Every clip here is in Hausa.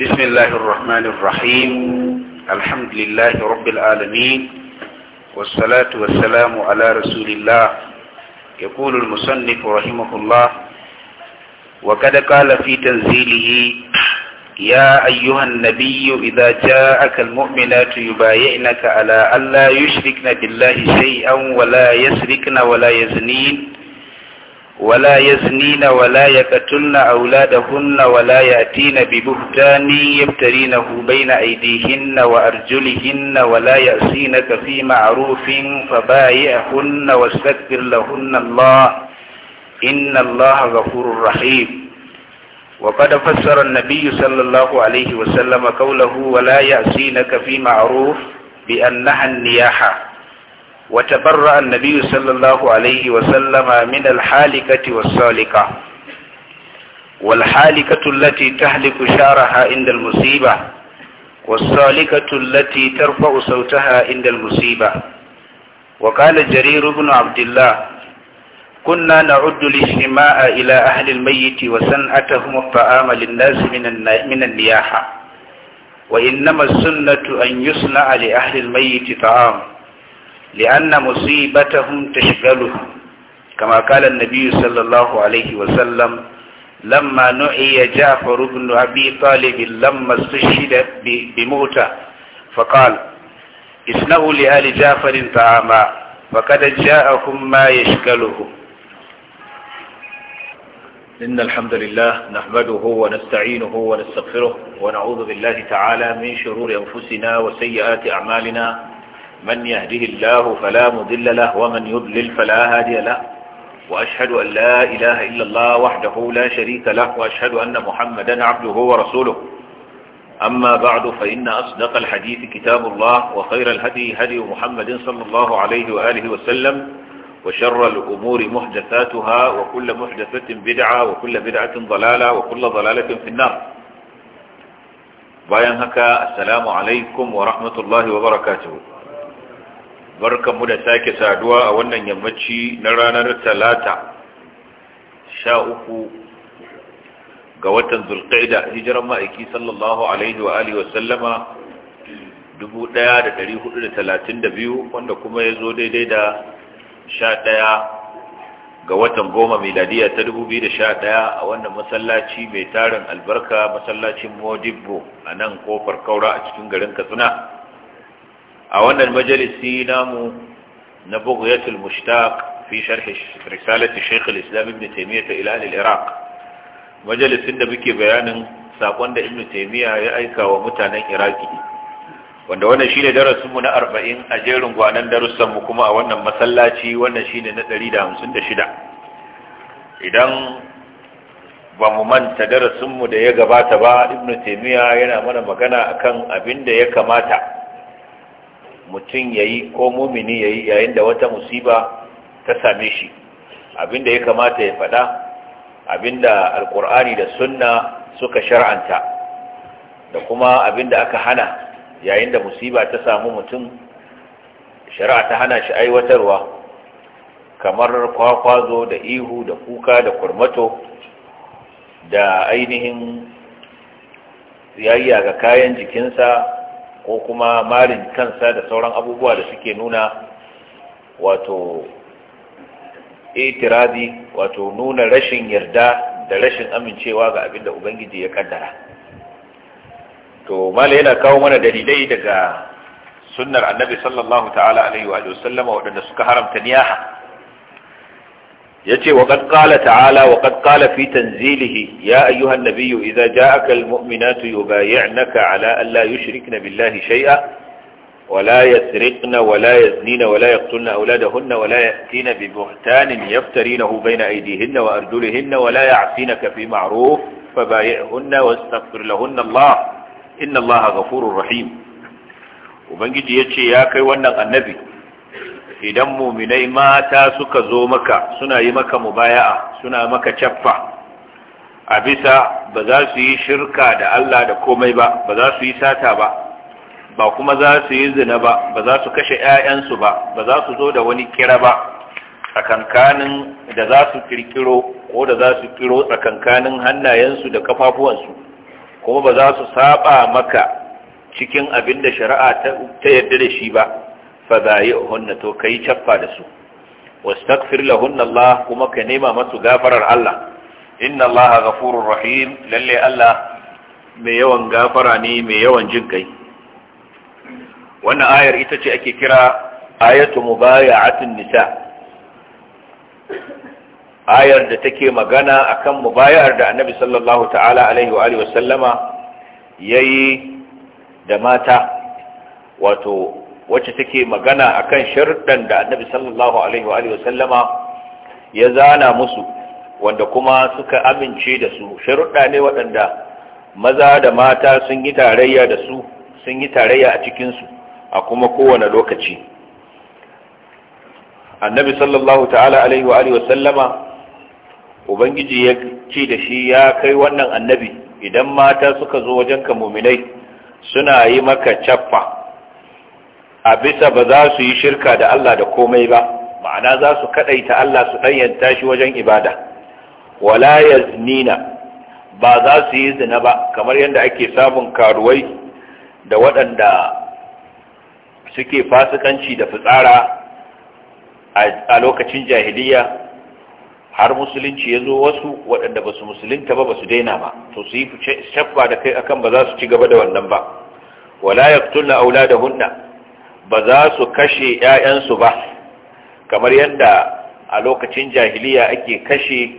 بسم الله الرحمن الرحيم الحمد لله رب العالمين والصلاة والسلام على رسول الله يقول المصنف رحمه الله وقد قال في تنزيله يا أيها النبي إذا جاءك المؤمنات يبايعنك على ألا يشركن بالله شيئا ولا يسركن ولا يزنين ولا يزنين ولا يقتلن أولادهن ولا يأتين ببهتان يبترينه بين أيديهن وأرجلهن ولا يأسينك في معروف فبايئهن واستكبر لهن الله إن الله غفور رحيم وقد فسر النبي صلى الله عليه وسلم قوله ولا يأسينك في معروف بأنها النياحة وتبرأ النبي صلى الله عليه وسلم من الحالكة والسالكة والحالكة التي تهلك شعرها عند المصيبة والسالكة التي ترفع صوتها عند المصيبة وقال جرير بن عبد الله كنا نعد الاجتماع إلى أهل الميت وسنعتهم الطعام للناس من النياحة وإنما السنة أن يصنع لأهل الميت طعام لأن مصيبتهم تشغلهم كما قال النبي صلى الله عليه وسلم لما نعي جعفر بن أبي طالب لما استشهد بموتى فقال اسنه لآل جعفر طعاما فقد جاءهم ما يشغلهم إن الحمد لله نحمده ونستعينه ونستغفره ونعوذ بالله تعالى من شرور أنفسنا وسيئات أعمالنا من يهده الله فلا مضل له ومن يضلل فلا هادي له وأشهد أن لا إله إلا الله وحده لا شريك له وأشهد أن محمدا عبده ورسوله أما بعد فإن أصدق الحديث كتاب الله وخير الهدي هدي محمد صلى الله عليه وآله وسلم وشر الأمور محدثاتها وكل محدثة بدعة وكل بدعة ضلالة وكل ضلالة في النار bayan هكا السلام عليكم ورحمة الله وبركاته barkanmu da sake saduwa a wannan yammaci na ranar talata sha uku ga watan zulqaida hijiran ma'aiki sallallahu alaihi wa alihi wasallama 1432 wanda kuma ya zo daidai da sha ɗaya ga watan goma miladiya ta 2011 a wannan masallaci mai tarin albarka masallacin modibbo a nan kofar kaura a cikin garin katsina a wannan majalisi namu na bughyatul mushtaq fi sharh risalati shaykh al-islam ibn taymiyyah ila al-iraq majalisin da muke bayanin sakon da ibn taymiyyah ya aika wa mutanen iraki wanda wannan shine darasin mu na 40 a jerin gwanan darussan mu kuma a wannan masallaci wannan shine na 156 idan ba mu manta darasin mu da ya gabata ba ibn taymiyyah yana mana magana akan abin da ya kamata mutum ya yi ko mumini ya yi yayin da wata musiba ta same shi abinda ya kamata ya faɗa abinda alƙur'ani da sunna suka shar'anta da kuma abinda aka hana yayin da musiba ta samu mutum shari'a ta hana shi aiwatarwa kamar kwakwazo da ihu da kuka da kurmato da ainihin tsiyayya ga kayan jikinsa ko kuma marin kansa da sauran abubuwa da suke nuna wato itirazi wato nuna rashin yarda da rashin amincewa ga abinda ubangiji ya kaddara to mala yana kawo mana dalilai daga sunnar annabi sallallahu ta'ala alaihi wa sallama waɗanda suka haramta niyaha yace wa qad qala ta'ala wa qad qala fi tanzilihi ya ayyuhan nabiyyu idza ja'aka almu'minatu yubayyi'naka ala an la na billahi shay'a wa la yasriqna wa la yaznina wa la yaqtulna awladahunna wa la ya'tina bi buhtanin yaftarinahu bayna aydihinna wa na arjulihinna wa la ya'sinaka fi ma'ruf fabayyi'hunna wastaghfir lahunna Allah inna Allah furu rahim ubangiji yace ya kai wannan annabi idan muminai mata suka zo maka suna yi maka mubaya'a suna maka caffa a bisa ba za su yi shirka da Allah da komai ba ba za su yi sata ba ba kuma za su yi zina ba ba za su kashe 'ya'yansu ba ba za su zo da wani kira ba tsakankanin da za su kirkiro ko da za su kiro tsakankanin hannayensu da kafafuwansu kuma ba za su saba maka cikin abin da shari'a ta yarda da shi ba fadayi'hunna to kai chaffa da su wastaghfir lahunna Allah kuma ka nema masu gafarar Allah inna Allah ghafurur rahim lalle Allah mai yawan gafara ne mai yawan jin kai wannan ayar ita ce ake kira ayatu mubaya'atun nisa' ayar da take magana akan mubayar da annabi sallallahu ta'ala alaihi wa alihi wasallama yayi da mata wato wacce take magana akan sharuɗan da annabi sallallahu alaihi wa sallama ya zana musu wanda kuma suka amince da su sharuɗa ne waɗanda maza da mata sun yi tarayya da su sun yi tarayya a cikinsu a kuma kowane lokaci annabi sallallahu ta'ala alaihi wa sallama ubangiji ya ce da shi ya kai wannan annabi idan mata suka zo wajenka muminai suna yi maka caffa a bisa ba za su yi shirka da Allah da komai ba ma'ana za su kadaita Allah su ɗanyanta shi wajen ibada wala yaznina ba za su yi zina ba kamar yadda ake samun karuwai da waɗanda suke fasikanci da fitsara a lokacin jahiliya har musulunci ya zo wasu waɗanda ba su musulunta ba ba su daina ba to su yi shaffa da kai akan ba za su ci gaba da wannan ba wala yaqtulna aula da hunna ba za su kashe 'ya'yansu ba kamar yadda a lokacin jahiliya ake kashe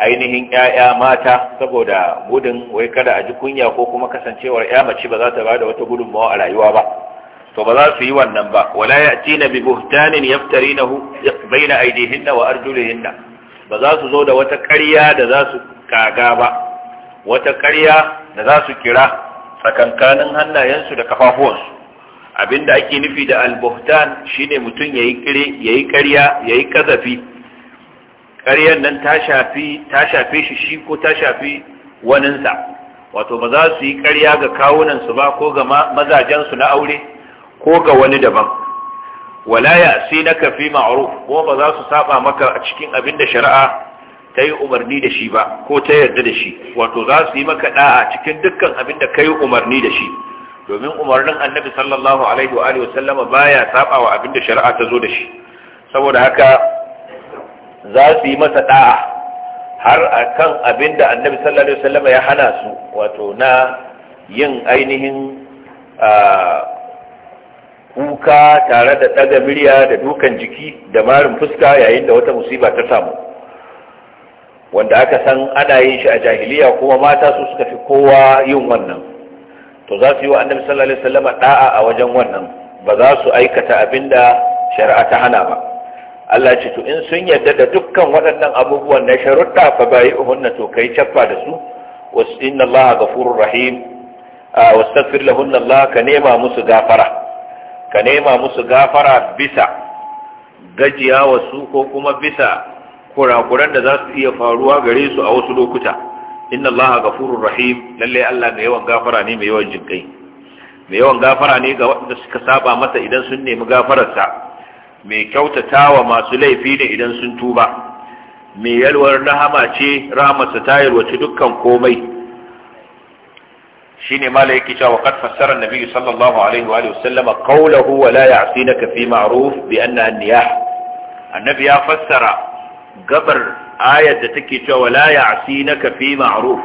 ainihin 'ya'ya mata saboda gudun wai kada a ji kunya ko kuma kasancewar 'ya mace ba za ta bada wata mawa a rayuwa ba to ba za su yi wannan ba wala ya'tina bi bai na wa ba za su zo da wata ƙarya da za su kaga ba wata ƙarya da za su kira tsakankanin hannayensu da kafafuwansu Abin da ake nufi da al-buhtan shine mutum yayi kire yayi ƙarya yayi kazafi ƙaryar nan ta shafi shafe shi shi ko ta shafi waninsa wato ba za su yi ƙarya ga kawunan su ba ko ga mazajen su na aure ko ga wani daban wala na fi ma'ruf ko ba za su saba maka a cikin abinda shari'a ta yi umarni da shi ba ko ta yarda da shi wato za su yi maka da'a cikin dukkan abin da ka yi umarni da shi domin umarnin annabi sallallahu alaihi wa alihi baya saba wa abinda shari'a ta zo da shi saboda haka za su yi masa da'a har akan abinda annabi sallallahu alaihi wasallama ya hana su wato na yin ainihin kuka tare da daga murya da dukan jiki da marin fuska yayin da wata musiba ta samu wanda aka san ana yin shi a jahiliya kuma mata su suka fi kowa yin wannan to za su yi wa annabi sallallahu alaihi wasallama da'a a wajen wannan ba za su aikata abinda shari'a ta hana ba Allah ce to in sun yarda da dukkan waɗannan abubuwan na sharuɗa fa bai to kai chaffa da su was inna Allah ghafurur rahim wastaghfir lahun Allah ka nema musu gafara ka nema musu gafara bisa gajiya wasu ko kuma bisa kurakuran da za su iya faruwa gare su a wasu lokuta inna gafurur rahim lalle Allah mai yawan gafara ne mai yawan jinkai mai yawan gafara ne ga waɗanda suka saba masa idan sun nemi gafararsa mai kyautatawa masu laifi ne idan sun tuba mai yalwar rahama ce rahamarsa ta yalwace dukkan komai shine mala yake cewa wa qad fassara an-nabi sallallahu alaihi wa sallama qawluhu wa la ya'sinaka fi ma'ruf bi anna an-niyah annabi ya fassara gabar ayar da take cewa wala naka fi ma'ruf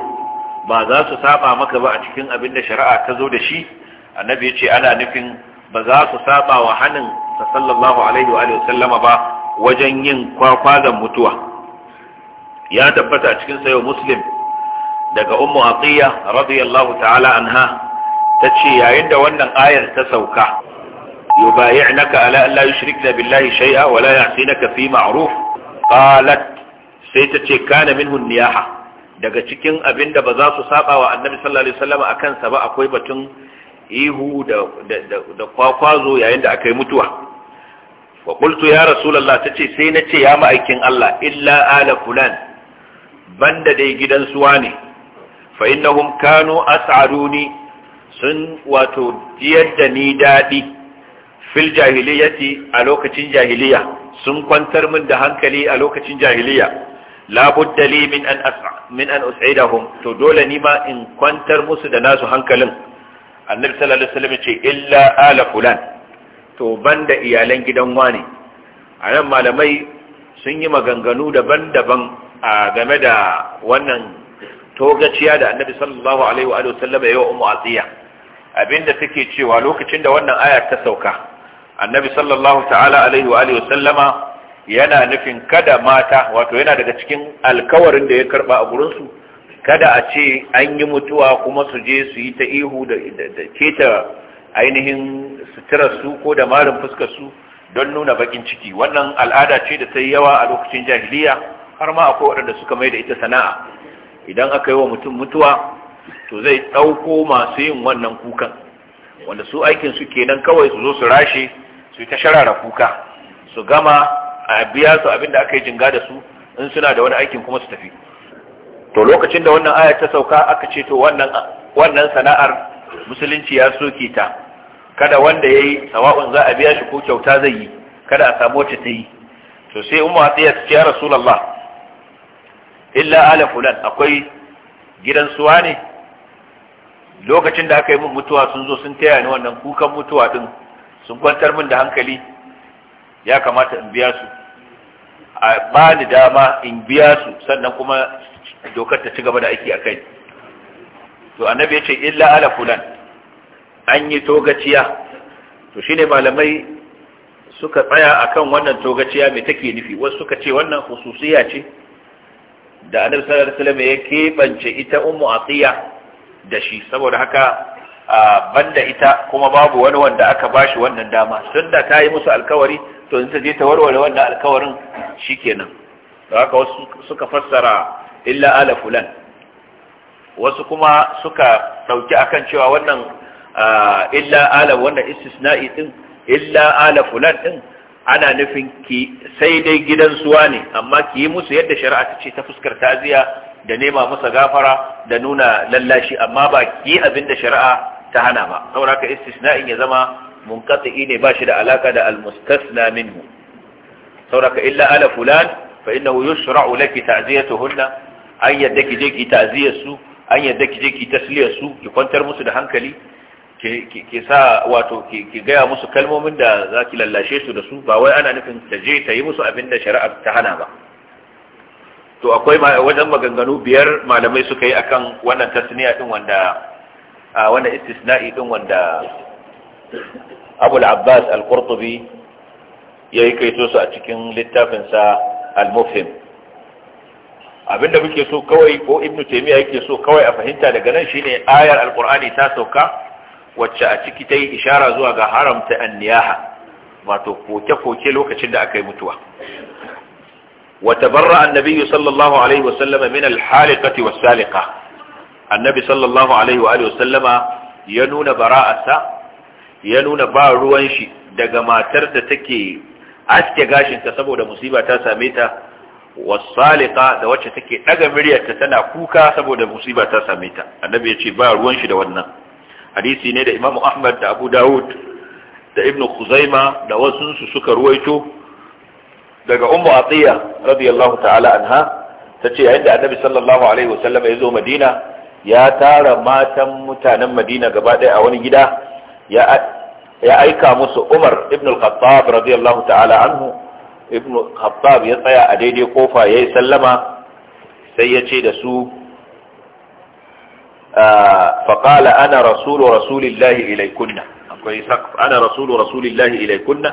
ba za su saba maka ba a cikin abin da shari'a ta zo da shi annabi ya ce ana nufin ba za su saba wa hannun ta sallallahu alaihi wa sallama ba wajen yin kwakwazan mutuwa ya tabbata a cikin sayo muslim daga ummu atiya radiyallahu ta'ala anha ta ce yayin da wannan ayar ta sauka yubayi'naka ala an la yushrikna billahi shay'a wa la ya'sinaka fi ma'ruf qalat sai ta ce kana minhu niyaha daga cikin abinda ba za su saba wa annabi sallallahu alaihi wasallam akan sa ba akwai batun ihu da da kwakwazo yayin da aka mutuwa wa qultu ya rasulullah tace sai nace ya ma'aikin Allah illa ala fulan banda dai gidan suwa ne fa innahum kanu as'aruni sun wato jiyar da ni dadi fil jahiliyati a lokacin jahiliya sun kwantar min da hankali a lokacin jahiliya la budda li min an as'a min an us'idahum to dole ni ma in kwantar musu da nasu hankalin annabi sallallahu alaihi wasallam ce illa ala fulan to banda iyalan gidan wani a nan malamai sun yi maganganu daban-daban a game da wannan togaciya da annabi sallallahu alaihi wa sallam ya yi wa ummu atiya abinda take cewa lokacin da wannan aya ta sauka annabi sallallahu ta'ala alaihi wa alihi sallama yana nufin kada mata wato yana daga cikin alkawarin da ya karba a gurin su kada a ce an yi mutuwa kuma su je su yi ta ihu da keta ainihin sutura su ko da marin fuskar su don nuna bakin ciki wannan al'ada ce da ta yi yawa a lokacin jahiliya har ma akwai waɗanda suka mai da ita sana'a idan aka yi wa mutum mutuwa to zai ɗauko masu yin wannan kukan wanda su aikin su kenan kawai su zo su rashe su ta sharara kuka su gama a biya su abinda aka yi jinga da su in suna da wani aikin kuma su tafi to lokacin da wannan aya ta sauka aka ce to wannan wannan sana'ar musulunci ya soke ta kada wanda yayi sawa'un za a biya shi ko kyauta zai yi kada a samu wacce ta yi to sai umma ta ce rasulullah illa ala fulan akwai gidan suwa ne lokacin da aka yi mun mutuwa sun zo sun taya ni wannan kukan mutuwa din sun kwantar min da hankali ya kamata in biya su a ba ni dama in biya su sannan kuma dokar ta ci gaba da aiki a kai to annabi ya ce illa ala fulan an yi togaciya to shine malamai suka tsaya akan wannan togaciya mai take nufi wasu suka ce wannan hususiya ce da annabi sallallahu alaihi wasallam ya keɓance ita ummu atiya da shi saboda haka A banda ita kuma babu wani wanda aka bashi wannan dama tunda ta yi musu alkawari to in je ta warware wannan alkawarin shikenan da haka wasu suka fassara illa ala fulan wasu kuma suka dauki akan cewa wannan illa ala wannan istisna'i din illa ala fulan din ana nufin ki sai dai gidan suwa ne amma ki yi musu yadda shari'a ta ce ta fuskar taziya da nema musa gafara da nuna lallashi amma ba ki abin da shari'a ta hana ba saboda haka istisna'in ya zama munqati ne ba shi da alaka da almustasna minhu saboda haka illa ala fulan fa innahu yushra'u laki ta'ziyatuhunna an yadda ki je ki ta'ziyar su an yadda ki je ki tasliyar su ki kwantar musu da hankali ki sa wato ki gaya musu kalmomin da za ki lallashe su da su ba wai ana nufin ta je ta yi musu abin da shari'a ta hana ba to akwai wajen maganganu biyar malamai suka yi akan wannan tasniya din wanda a wannan istisna'i din wanda abul abbas al-qurtubi ya yi kai su a cikin littafinsa al-mufhim abinda muke so kawai ko ibnu taymiya yake so kawai a fahimta daga nan shine ayar al-qur'ani ta sauka wacce a ciki ta yi ishara zuwa ga haramta an-niyaha wato koke-koke lokacin da aka yi mutuwa wata barra annabi sallallahu alaihi wasallama min al-haliqati was-saliqah annabi sallallahu alaihi wa sallama ya nuna bara'arsa ya nuna ba ruwan shi daga matar da take aske gashinta saboda musiba ta same ta wasalika da wacce take daga miryarta tana kuka saboda musiba ta same ta annabi ya ce ba ruwan shi da wannan hadisi ne da imamu ahmad da abu daud da ibnu khuzaima da wasu su suka ruwaito daga ummu atiya radiyallahu ta'ala anha tace yayin da annabi sallallahu alaihi sallama ya zo madina ya tara matan mutanen madina gaba daya a wani gida ya aika musu umar ibn al-khattab radiyallahu ta'ala anhu ibn al-khattab ya tsaya a daidai kofa ya yi sallama sai ya ce da su faƙala ana rasulu rasulillahi ilaikunna akwai saƙaf ana rasulu rasulillahi ilaikunna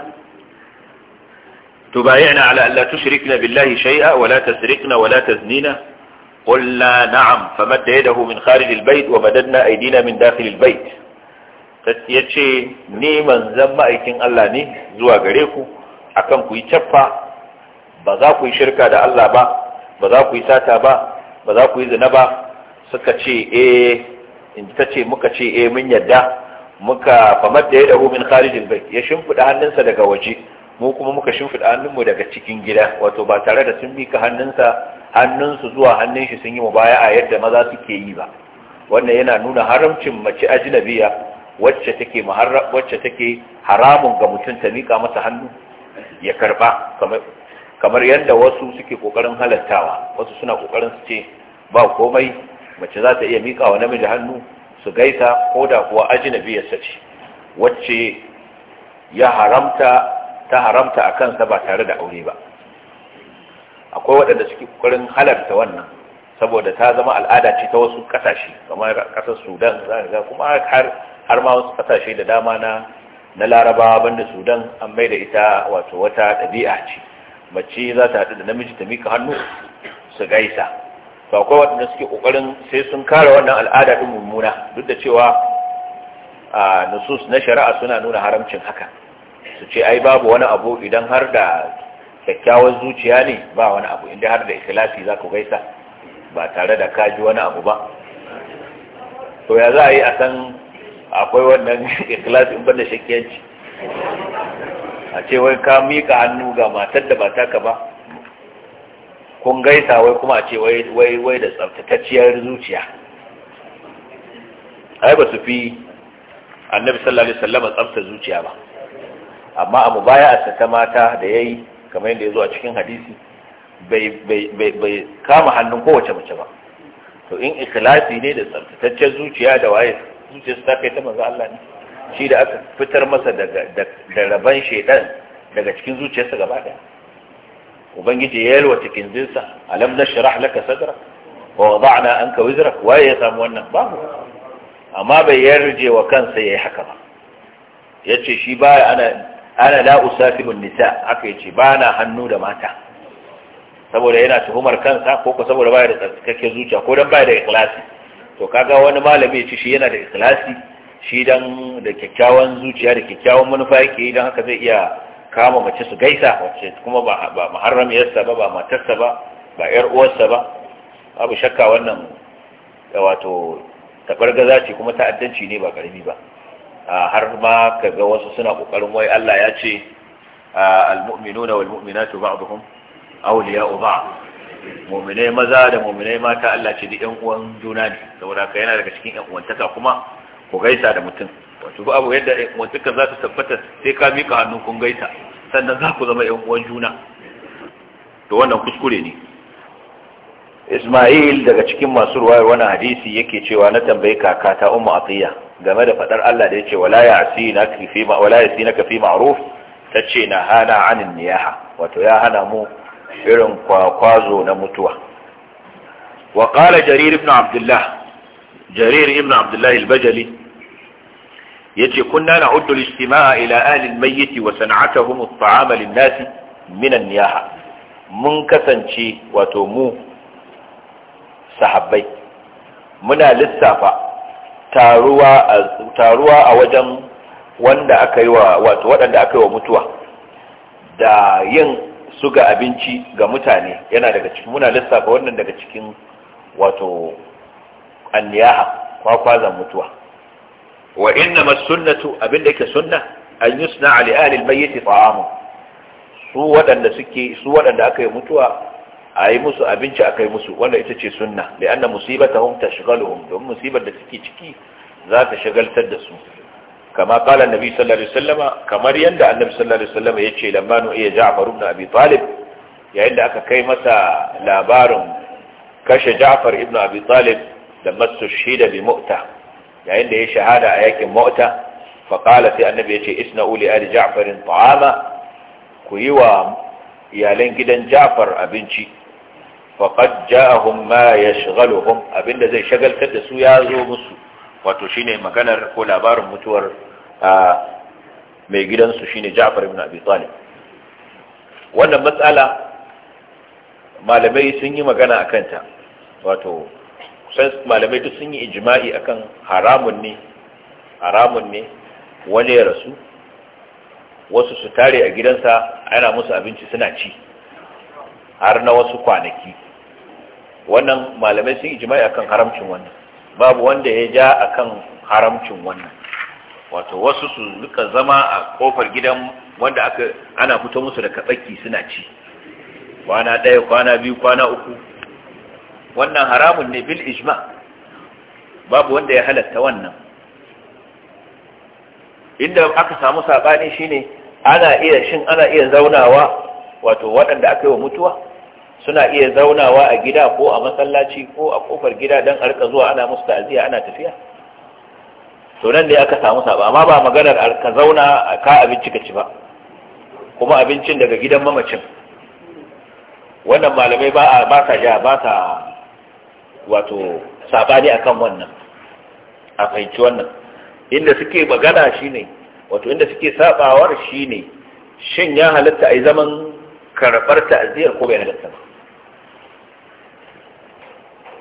tubayina ala Allah tushrikna billahi shay'a wala tasrikna wala taznina قلنا نعم فمد يده من خارج البيت ومددنا أيدينا من داخل البيت yace ni manzan ma'aikin Allah ne zuwa gare ku akan kuyi yi caffa ba za ku shirka da Allah ba ba za ku sata ba ba za ku zina ba suka ce eh in ta ce muka ce eh mun yadda muka famar da ya min kharijin bai ya shimfida hannunsa daga waje mu kuma muka shimfiɗa hannunmu daga cikin gida wato ba tare da sun mika hannunsa hannunsu zuwa hannun shi sun yi mu baya a yadda maza suke yi ba wannan yana nuna haramcin mace ajnabiya wacce take wacce take haramun ga mutum ta mika masa hannu ya karba kamar kamar yadda wasu suke kokarin halattawa wasu suna kokarin su ce ba komai mace za ta iya mika wa namiji hannu su gaisa ko da kuwa ajnabiya ce wacce ya haramta ta haramta a kansa ba tare da aure ba akwai waɗanda suke ƙoƙarin halarta wannan saboda ta zama al'ada ce ta wasu ƙasashe kamar ƙasar sudan za a kuma har ma wasu ƙasashe da dama na na larabawa banda sudan an mai da ita wato wata ɗabi'a ce mace za ta haɗu da namiji ta mika hannu su gaisa to akwai waɗanda suke ƙoƙarin sai sun kare wannan al'ada ɗin mummuna duk da cewa a nusus na shari'a suna nuna haramcin haka su ce ai babu wani abu idan har da kyakkyawar zuciya ne ba wani abu inda har da Ikilasi za ku gaisa ba tare da kaji wani abu ba to ya za a yi a san akwai wannan Ikilasi in banda shakkiyanci a ce wai ka miƙa hannu ga matar da ba taka ba kun gaisa wai kuma a ce wai wai da tsaftatacciyar zuciya ai ba su fi annabi sallallahu alaihi wasallam tsafta zuciya ba amma baya a sata mata da ya yi kamar yadda ya zo a cikin hadisi bai kama hannun kowace mace ba to in ikhlasi ne da tsabtataccen zuciya da waye zuciya su ta kai ta manzo Allah ne shi da aka fitar masa da raban shedan daga cikin zuciyarsa gaba daya ubangiji ya yalwa cikin zinsa alam nashrah laka sadra. wa wada'na anka wizrak waye ya samu wannan babu amma bai yarje wa kansa yayi haka ba yace shi baya ana ana la usafimun nisa aka yace ba na hannu da mata saboda yana tuhumar kansa ko ko saboda baya da tsarkake zuciya ko dan baya da ikilasi to kaga wani malami ci shi yana da ikilasi shi dan da kyakkyawan zuciya da kyakkyawan manufa yake idan haka zai iya kama mace su gaisa wacce kuma ba ba muharramiyarsa ba ba matarsa ba ba yar uwarsa ba babu shakka wannan wato gaza ce kuma ta'addanci ne ba karami ba har ma kaga wasu suna kokarin wai Allah ya ce al-mu'minuna wal mu'minatu ba'dhum awliya'u ba'd mu'minai maza da mu'minai mata Allah ce duk ƴan uwan juna ne saboda ka yana daga cikin ƴan uwantaka kuma ku gaisa da mutum wato ba abu yadda uwantaka za ta tabbata sai ka mika hannu kun gaisa sannan za ku zama ƴan uwan juna to wannan kuskure ne Ismail daga cikin masu ruwayar wani hadisi yake cewa na tambayi kaka ta Ummu Atiya game da fadar Allah da yace wala ya'sinaka fi ma wala ya'sinaka fi ma'ruf tace na hana anin niyaha wato ya hana mu irin kwakwazo na mutuwa wa qala jarir ibn abdullah jarir ibn abdullah al-bajali yace kunna na'uddu al-istima'a ila ahli al-mayyit wa san'atuhum at-ta'ama lin-nas min an-niyaha mun kasance wato mu sahabbai muna lissafa taruwa a wajen wanda aka yi wa wato waɗanda aka yi wa mutuwa da yin suga abinci ga mutane yana daga cikin muna lissafa wannan daga cikin wato anniyaha kwakwazan mutuwa wa inna masunnatu abinda ke sunna an yusna ali ahli almayyit ta'amu su waɗanda suke su waɗanda aka yi mutuwa a yi musu abinci a kai musu wanda ita ce sunna da yana musibata hun ta shigaluhun don musibar da suke ciki za ta shagaltar da su kama kala nabi sallallahu alaihi wasallama kamar yadda annabi sallallahu alaihi wasallama ya ce lamanu iya ja'far ibn abi talib yayin da aka kai masa labarin kashe ja'far ibn abi talib da masu shida bi mu'ta yayin da ya shahada a yakin mu'ta fa kala sai annabi yace isna uli ali ja'farin ta'ama ku yi wa iyalan gidan ja'far abinci faqad ja'ahum ma yashghaluhum abinda zai shagaltar da su ya zo musu wato shi ne maganar ko labarin mutuwar mai gidansu shi ne ja'afar ibn Abi Talib wannan matsala malamai sun yi magana a kanta, wato kusan malamai duk sun yi ijma'i kan haramun ne haramun ne wani ya rasu wasu su tare a gidansa ana musu abinci suna ci har na wasu kwanaki wannan malamai sun ijma'i akan haramcin wannan babu wanda ya ja akan haramcin wannan wato wasu su duka zama a kofar gidan wanda aka ana fito musu da katsaki suna ci kwana ɗaya kwana biyu kwana uku wannan haramun ne bil ijma babu wanda ya halatta wannan inda aka samu saɓani shine ana iya shin ana iya zaunawa wato waɗanda aka yi wa mutuwa suna iya zaunawa a gida ko a masallaci ko a kofar gida don arka zuwa ana musu ta'aziyya ana tafiya to nan ne aka samu saba amma ba maganar arka zauna a ka abinci ka ci ba kuma abincin daga gidan mamacin wannan malamai ba ba sa ja ba sa wato sabani akan wannan a fahimci wannan inda suke magana shine wato inda suke sabawar shine shin ya halatta a yi zaman karɓar ta'aziyar ko bai halatta ba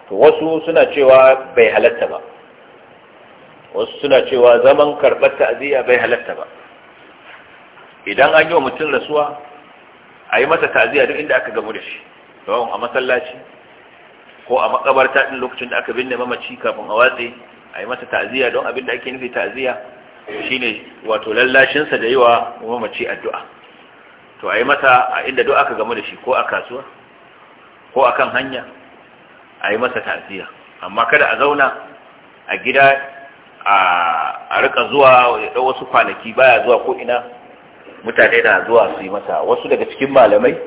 to wasu suna cewa bai halatta ba wasu suna cewa zaman karɓar ta'aziyya bai halatta ba idan an yi wa mutum rasuwa a yi masa ta'aziyya duk inda aka gamu da shi don a masallaci ko a makabarta ɗin lokacin da aka binne mamaci kafin a watse a yi masa ta'aziyya don abin da ake nufi ta'aziyya shine wato lallashinsa da yi wa mamaci addu'a to a yi masa a inda duk aka gamu da shi ko a kasuwa ko a kan hanya a yi masa tasiri amma kada a zauna a gida a rika zuwa ya wasu kwanaki baya zuwa ko ina mutane na zuwa su yi masa wasu daga cikin malamai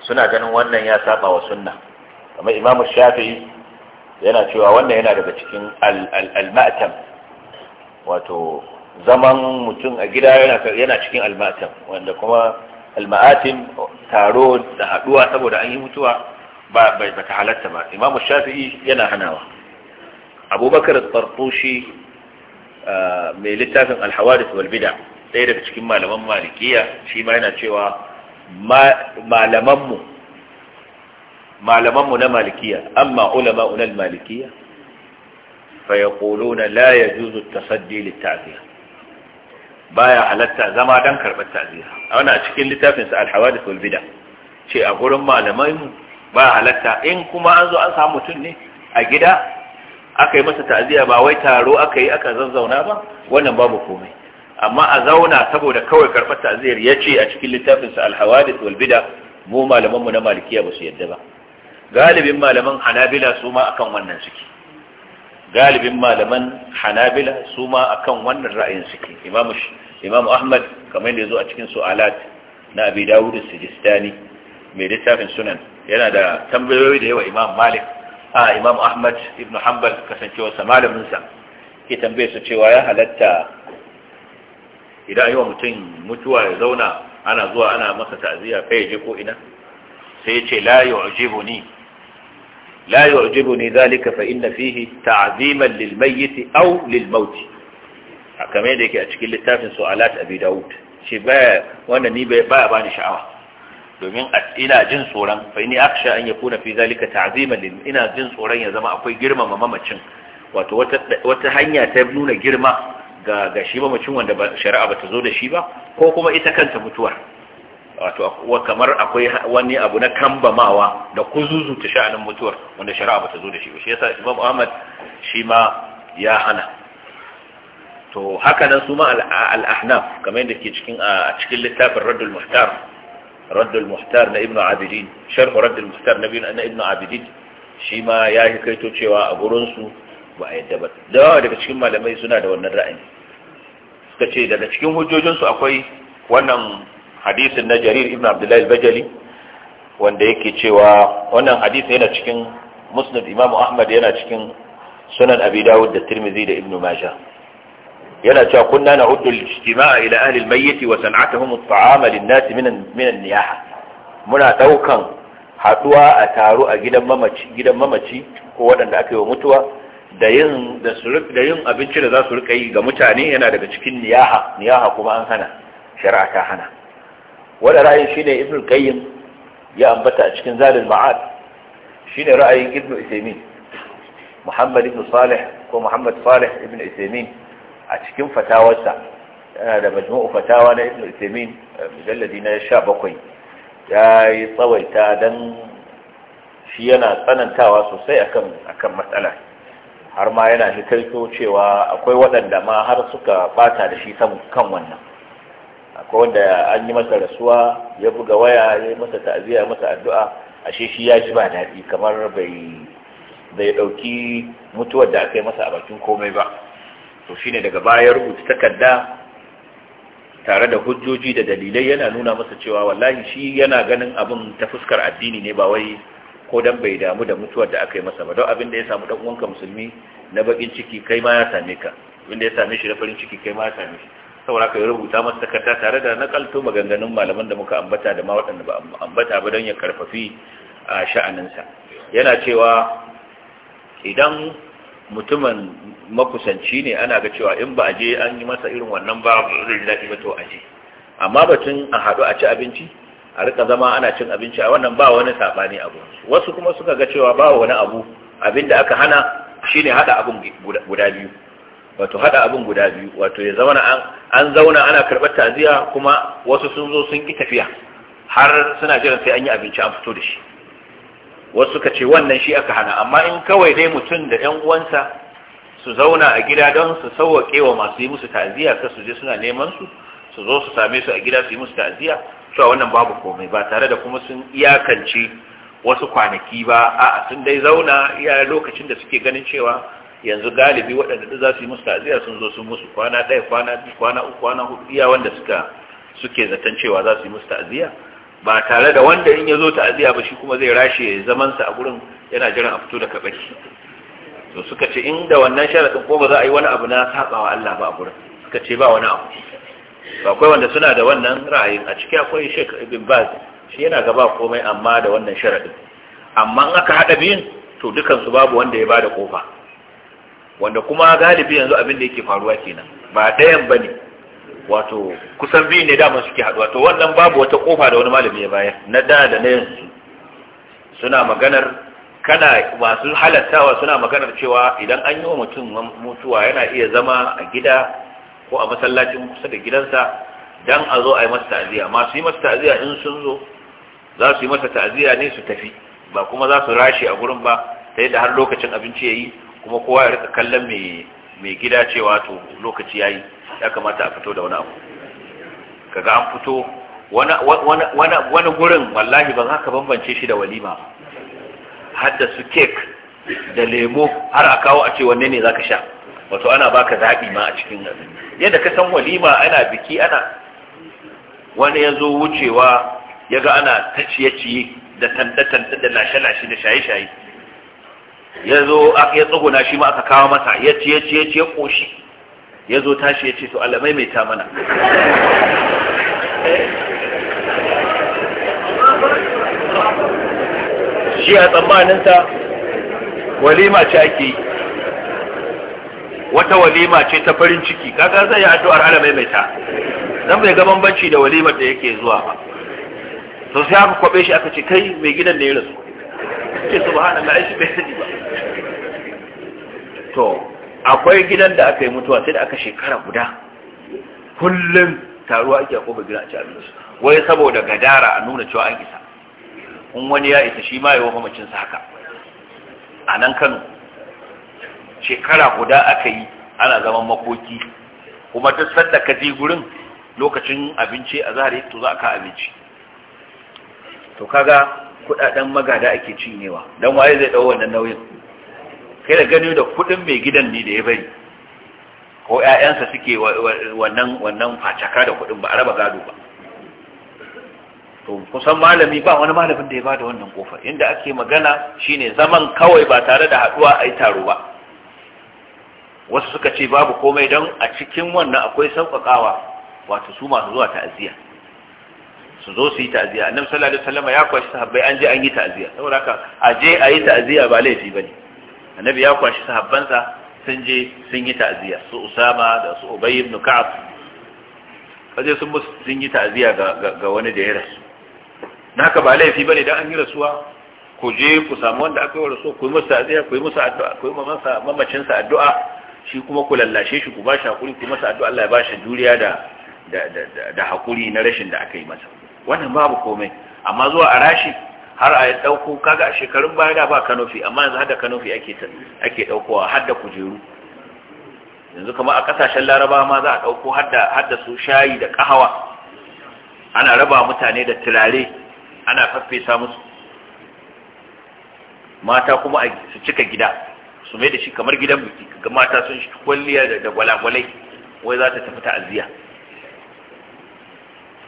suna ganin wannan ya saba wa sunna kamar imamu shafi'i yana cewa wannan yana daga cikin al-ma'tam wato zaman mutum a gida yana cikin al-ma'tam wanda kuma al-ma'atim taro da haduwa saboda an yi mutuwa ba bai bata halatta ba imam shafi'i yana hanawa abubakar tsartushi uh, mai littafin alhawadis walbida, bid'a ɗaya daga cikin malaman malikiya shi ma yana cewa malamanmu malamanmu na malikiya amma ulama'una al-malikiya fa la ya at-tasaddi lit baya halatta zama dan karbar ta'zir a wannan cikin littafinsa sa walbida, ce a gurin malamanmu ba halatta in kuma an zo an samu mutum ne a gida aka yi masa ta'aziyya ba wai taro aka yi aka zazzauna ba wannan babu komai amma a zauna saboda kawai karɓar ta'aziyyar ya ce a cikin littafinsa alhawadis wal bida mu malamanmu na malikiya ba su yadda ba galibin malaman hanabila su ma akan wannan suke galibin malaman hanabila su ma akan wannan ra'ayin suke ahmad kamar da ya zo a cikin su'alat na abi dawud sijistani mai littafin sunan yana da tambayoyi da yawa imam malik a imam ahmad ibn hanbal kasancewarsa malaminsa ke tambaye su cewa ya halatta idan yi wa mutum mutuwa ya zauna ana zuwa ana masa ta'aziyya kai je ko ina sai ya ce la yu'jibuni la yu'jibuni zalika fa inna fihi ta'ziman lil mayyit aw lil maut kamar yadda yake a cikin littafin su'alat abi daud shi baya wannan ni baya bani sha'awa domin ina jin tsoron fa ni aksha an yakuna fi zalika ta'ziman lil ina jin tsoron ya zama akwai girmama mamacin wato wata wata hanya ta nuna girma ga ga shi mamacin wanda shari'a bata zo da shi ba ko kuma ita kanta mutuwar wato kamar akwai wani abu na kambamawa da kuzuzu ta sha'anin mutuwar wanda shari'a bata zo da shi ba shi yasa Imam Ahmad shi ma ya hana to haka nan su ma al-ahnaf kamar yadda ke cikin a cikin littafin Raddul Muhtar raddul muhtar na ibnu abidin sharh shi ma ya yi kaito cewa a gurinsu ba a yadda ba dawa daga cikin malamai suna da wannan ra'ayi suka ce daga cikin hujjojinsu akwai wannan hadisin na jarir ibn abdullahi al-bajali wanda yake cewa wannan hadisin yana cikin musnad imamu ahmad yana cikin sunan abi dawud da tirmidhi da ibn majah yana cewa kunna na al-ijtima'a ila ahli al-mayyit wa san'atuhum at-ta'ama lin-nas min min niyaha muna daukan haduwa a taro a gidan mamaci gidan mamaci ko waɗanda aka yi wa mutuwa da yin da su da yin abinci da za su rika yi ga mutane yana daga cikin niyaha niyaha kuma an hana shari'a ta hana wanda ra'ayin shine ibn qayyim ya ambata a cikin zalil ma'ad shine ra'ayin ibn usaymin muhammad ibn salih ko muhammad salih ibn usaymin a cikin fatawarsa yana da majmu'u fatawa na ibn Uthaymeen eh, mujalladi na 17 ya yi tsawaita dan shi yana tsanantawa sosai akan akan matsala har ma yana hikaito cewa akwai waɗanda ma har suka bata da shi kan wannan akwai wanda an yi masa rasuwa ya buga waya ya yi masa ta'aziyya masa addu'a ashe shi ya ji ba daɗi kamar bai bai ɗauki mutuwar da aka yi masa a bakin komai ba to shine daga baya rubuta takarda tare da hujjoji da dalilai yana nuna masa cewa wallahi shi yana ganin abin ta fuskar addini ne ba wai ko dan bai damu da mutuwar da aka yi masa ba don abin da ya samu dan uwanka musulmi na bakin ciki kai ma ya same ka abin da ya same shi na farin ciki kai ma ya same shi saboda ka rubuta masa takarda tare da nakalto maganganun malaman da muka ambata da ma waɗanda ba ambata ba don ya karfafi a sha'aninsa yana cewa idan mutumin makusanci ne ana ga cewa in ba a je an yi masa irin wannan ba zai daɗi ba to a je amma batun a haɗu a ci abinci a rika zama ana cin abinci a wannan ba wani saɓani abu wasu kuma suka ga cewa ba wani abu abin da aka hana shine haɗa abin guda biyu wato haɗa abin guda biyu wato ya zama an zauna ana karɓar taziya kuma wasu sun zo sun ƙi tafiya har suna jiran sai an yi abinci an fito da shi wasu suka ce wannan shi aka hana amma in kawai dai mutum da yan uwansa su zauna a gida don su sauwaƙe wa masu yi musu ta'aziyya ka su je suna neman su su zo su same su a gida su yi musu ta'aziyya cewa wannan babu komai ba tare da kuma sun iyakance wasu kwanaki ba a'a sun dai zauna iya lokacin da suke ganin cewa yanzu galibi waɗanda duk za su yi musu ta'aziyya sun zo sun musu kwana ɗaya kwana biyu kwana uku kwana hudu iya wanda suka suke zaton cewa za su yi musu ta'aziyya ba tare da wanda in ya zo ta'aziyya ba shi kuma zai rashe zamansa a gurin yana jiran a fito da kabari to suka ce inda wannan sharadin ko ba za a yi wani abu na sabawa Allah ba a gurin suka ce ba wani abu ba akwai wanda suna da wannan ra'ayin a ciki akwai Sheikh Ibn Baz shi yana gaba komai amma da wannan sharadin amma in aka hada biyun to dukan su babu wanda ya bada kofa wanda kuma galibi yanzu abin da yake faruwa kenan ba dayan bane wato kusan biyu ne dama suke haɗu wato wannan babu wata kofa da wani malami ya bayar na da da na yanzu suna maganar kana masu halattawa suna maganar cewa idan an yi wa mutum mutuwa yana iya zama a gida ko a masallacin kusa da gidansa dan a zo a yi masa ta'aziyya masu yi masa ta'aziyya in sun zo za su yi masa ta'aziyya ne su tafi ba kuma za su rashi a gurin ba ta da har lokacin abinci ya yi kuma kowa ya rika kallon mai mai gida cewa to lokaci ya yi, ya kamata a fito da wani abu Ka ga an fito wani gurin wallahi ban haka bambance shi da walima hadda su kek da lemo har a kawo a ce wanne ne za ka sha wato ana baka zaɓi ma a cikin yadda ka san walima ana biki ana wani ya zo wucewa ya ga ana ta ciye-ciye da tanda da lashe-lashe da shaye-shaye ya zo ya tsuguna shi ma aka kawo masa ya ce ya ce ya ce ƙoshi ya zo tashi ya ce to Allah mai ta mana shi a tsammaninta walima ce ake yi wata walima ce ta farin ciki kaga zai yi addu'ar mai maimaita dan bai ga bambanci da walimar da yake zuwa ba to sai aka kwabe shi aka ce kai mai gidan ne ya rasu ce ba na shi bai sani ba to akwai gidan da aka yi mutuwa sai da aka shekara guda kullum taruwa ake a kofar a ci abinci wai saboda gadara a nuna cewa an isa in wani ya isa shi ma ya wafa macinsa haka a nan kano shekara guda aka yi ana zaman makoki kuma ta sanda ka je gurin lokacin abinci a zahari to za a ka abinci to kaga kudaden magada ake cinyewa dan waye zai dau wannan nauyin kai da gani da kudin mai gidan ni da ya bari ko ƴaƴansa suke wannan wannan facaka da kudin ba a gado ba to kusan malami ba wani malamin da ya bada wannan kofa inda ake magana shine zaman kawai ba tare da haduwa ai taro ba wasu suka ce babu komai don a cikin wannan akwai sauƙaƙawa wato su masu zuwa ta'aziyya su zo su yi ta'aziyya annabi sallallahu alaihi wasallam ya kwashi sahabbai an je an yi ta'aziyya saboda haka a je a yi ta'aziyya ba laifi bane annabi ya kwashi sahabbansa sun je sun yi ta'aziyya su usama da su ubay ibn ka'ab kaje sun musu sun yi ta'aziyya ga ga wani da ya rasu haka ba laifi bane dan an yi rasuwa ku je ku samu wanda aka yi rasuwa ku yi musu ta'aziyya ku yi musu addu'a ku yi masa mamacin sa addu'a shi kuma ku lallashe shi ku ba shi hakuri ku masa addu'a Allah ya ba shi juriya da da da hakuri na rashin da aka yi masa wannan babu komai amma zuwa a rashi har a ɗauko kaga a shekarun baya da ba kanofi amma yanzu hada kanofi ake ake ɗaukowa har kujeru yanzu kamar a ƙasashen Laraba ma za a ɗauko har da su shayi da ƙahawa ana raba mutane da turare ana faffesa musu mata kuma su cika gida su mai da shi kamar gidan biki ga mata sun shi kwalliya da gwalagwalai wai za ta tafi ta'aziyya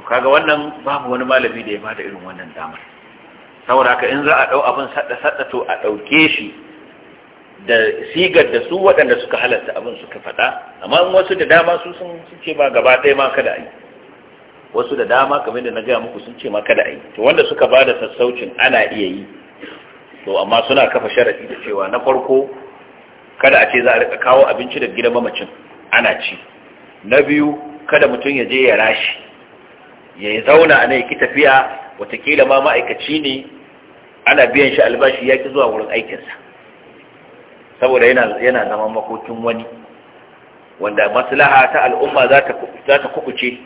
to kaga wannan babu wani malami da ya bada irin wannan damar saboda haka in za a dau abin sadda sadda to a dauke shi da sigar da su waɗanda suka halatta abin suka faɗa amma in wasu da dama su sun ce ba gaba ɗaya ma kada a wasu da dama kamar da na gaya muku sun ce ma kada a to wanda suka bada sassaucin ana iya yi to amma suna kafa sharaɗi da cewa na farko kada a ce za a rika kawo abinci da gidan mamacin ana ci na biyu kada mutum ya je ya rashi ya zauna a nan ya tafiya watakila ma ma'aikaci ne ana biyan shi albashi ya ki zuwa wurin aikinsa saboda yana zaman makokin wani wanda maslaha ta al'umma za ta kubuce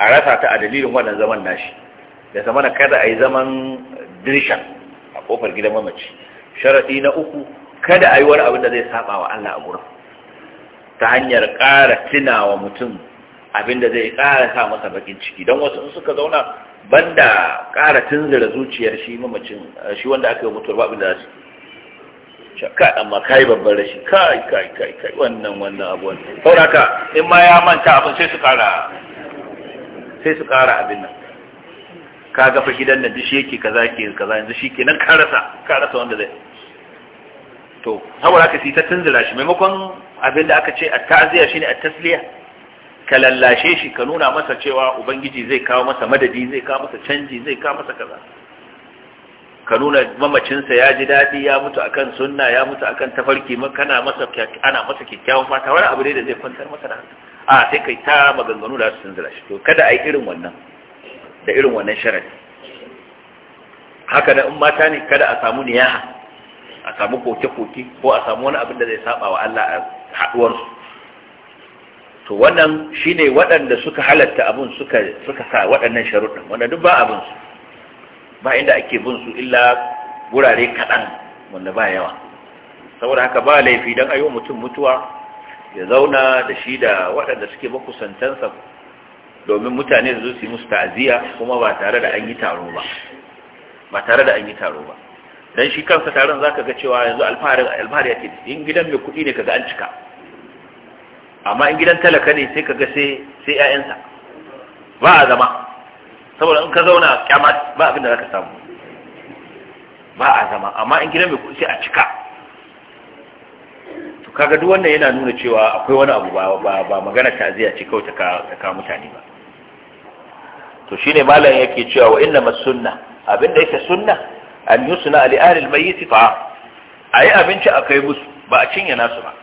a rasa ta a dalilin wannan zaman nashi da zamana kada a yi zaman dirshan a kofar gidan mamaci sharaɗi na uku kada a yi wani abin da zai saba wa Allah a wurin ta hanyar ƙara tunawa mutum abinda zai ƙara sa masa bakin ciki don wasu in suka zauna banda ƙara tunzura zuciyar shi mamacin eh, shi wanda aka yi mutuwar babu da za su ka amma kai babbar rashi kai kai kai kai wannan wannan abuwan sauraka in ma ya manta abin sai su ƙara sai su ƙara abin nan ka gafa gidan nan duk shi yake kaza ke kaza yanzu shi kenan ka rasa ka rasa wanda zai to saboda haka sai ta tunzura shi maimakon abin da aka ce a ta'aziyya shine a tasliya ka lallashe shi ka nuna masa cewa ubangiji zai kawo masa madadi zai kawo masa canji zai kawo masa kaza ka nuna mamacinsa ya ji daɗi ya mutu akan sunna ya mutu akan tafarki kana masa ana masa kyakkyawan fata wani abu ne da zai kwantar masa da hankali a sai kai ta maganganu da su zira shi to kada a yi irin wannan da irin wannan sharadi haka da in mata ne kada a samu niyaha a samu koke-koke ko a samu wani abin da zai saba wa Allah a haɗuwarsu to wannan shine waɗanda suka halatta abun suka suka sa waɗannan sharuɗin wanda duk ba abin su ba inda ake bin su illa wurare kaɗan wanda ba yawa saboda haka ba laifi don ayo mutum mutuwa ya zauna da shi da waɗanda suke makusantansa domin mutane su su yi musu ta'aziyya kuma ba tare da an yi taro ba ba tare da an yi taro ba dan shi kansa taron zaka ga cewa yanzu alfahari alfahari yake in gidan mai kuɗi ne kaga an cika amma in gidan talaka ne sai ka sai sai ƴaƴansa ba a zama saboda in ka zauna kyama ba abin da ka samu ba a zama amma in gidan mai kuɗi sai a cika to kaga duk wannan yana nuna cewa akwai wani abu ba ba, ba magana taziya ci kawai ta ka, ka mutane ba to shine malam yake cewa wa inna masunna abinda yake sunna an yusna li ahli al-mayyit ta'a ayi abinci akai musu ba a cinye nasu ba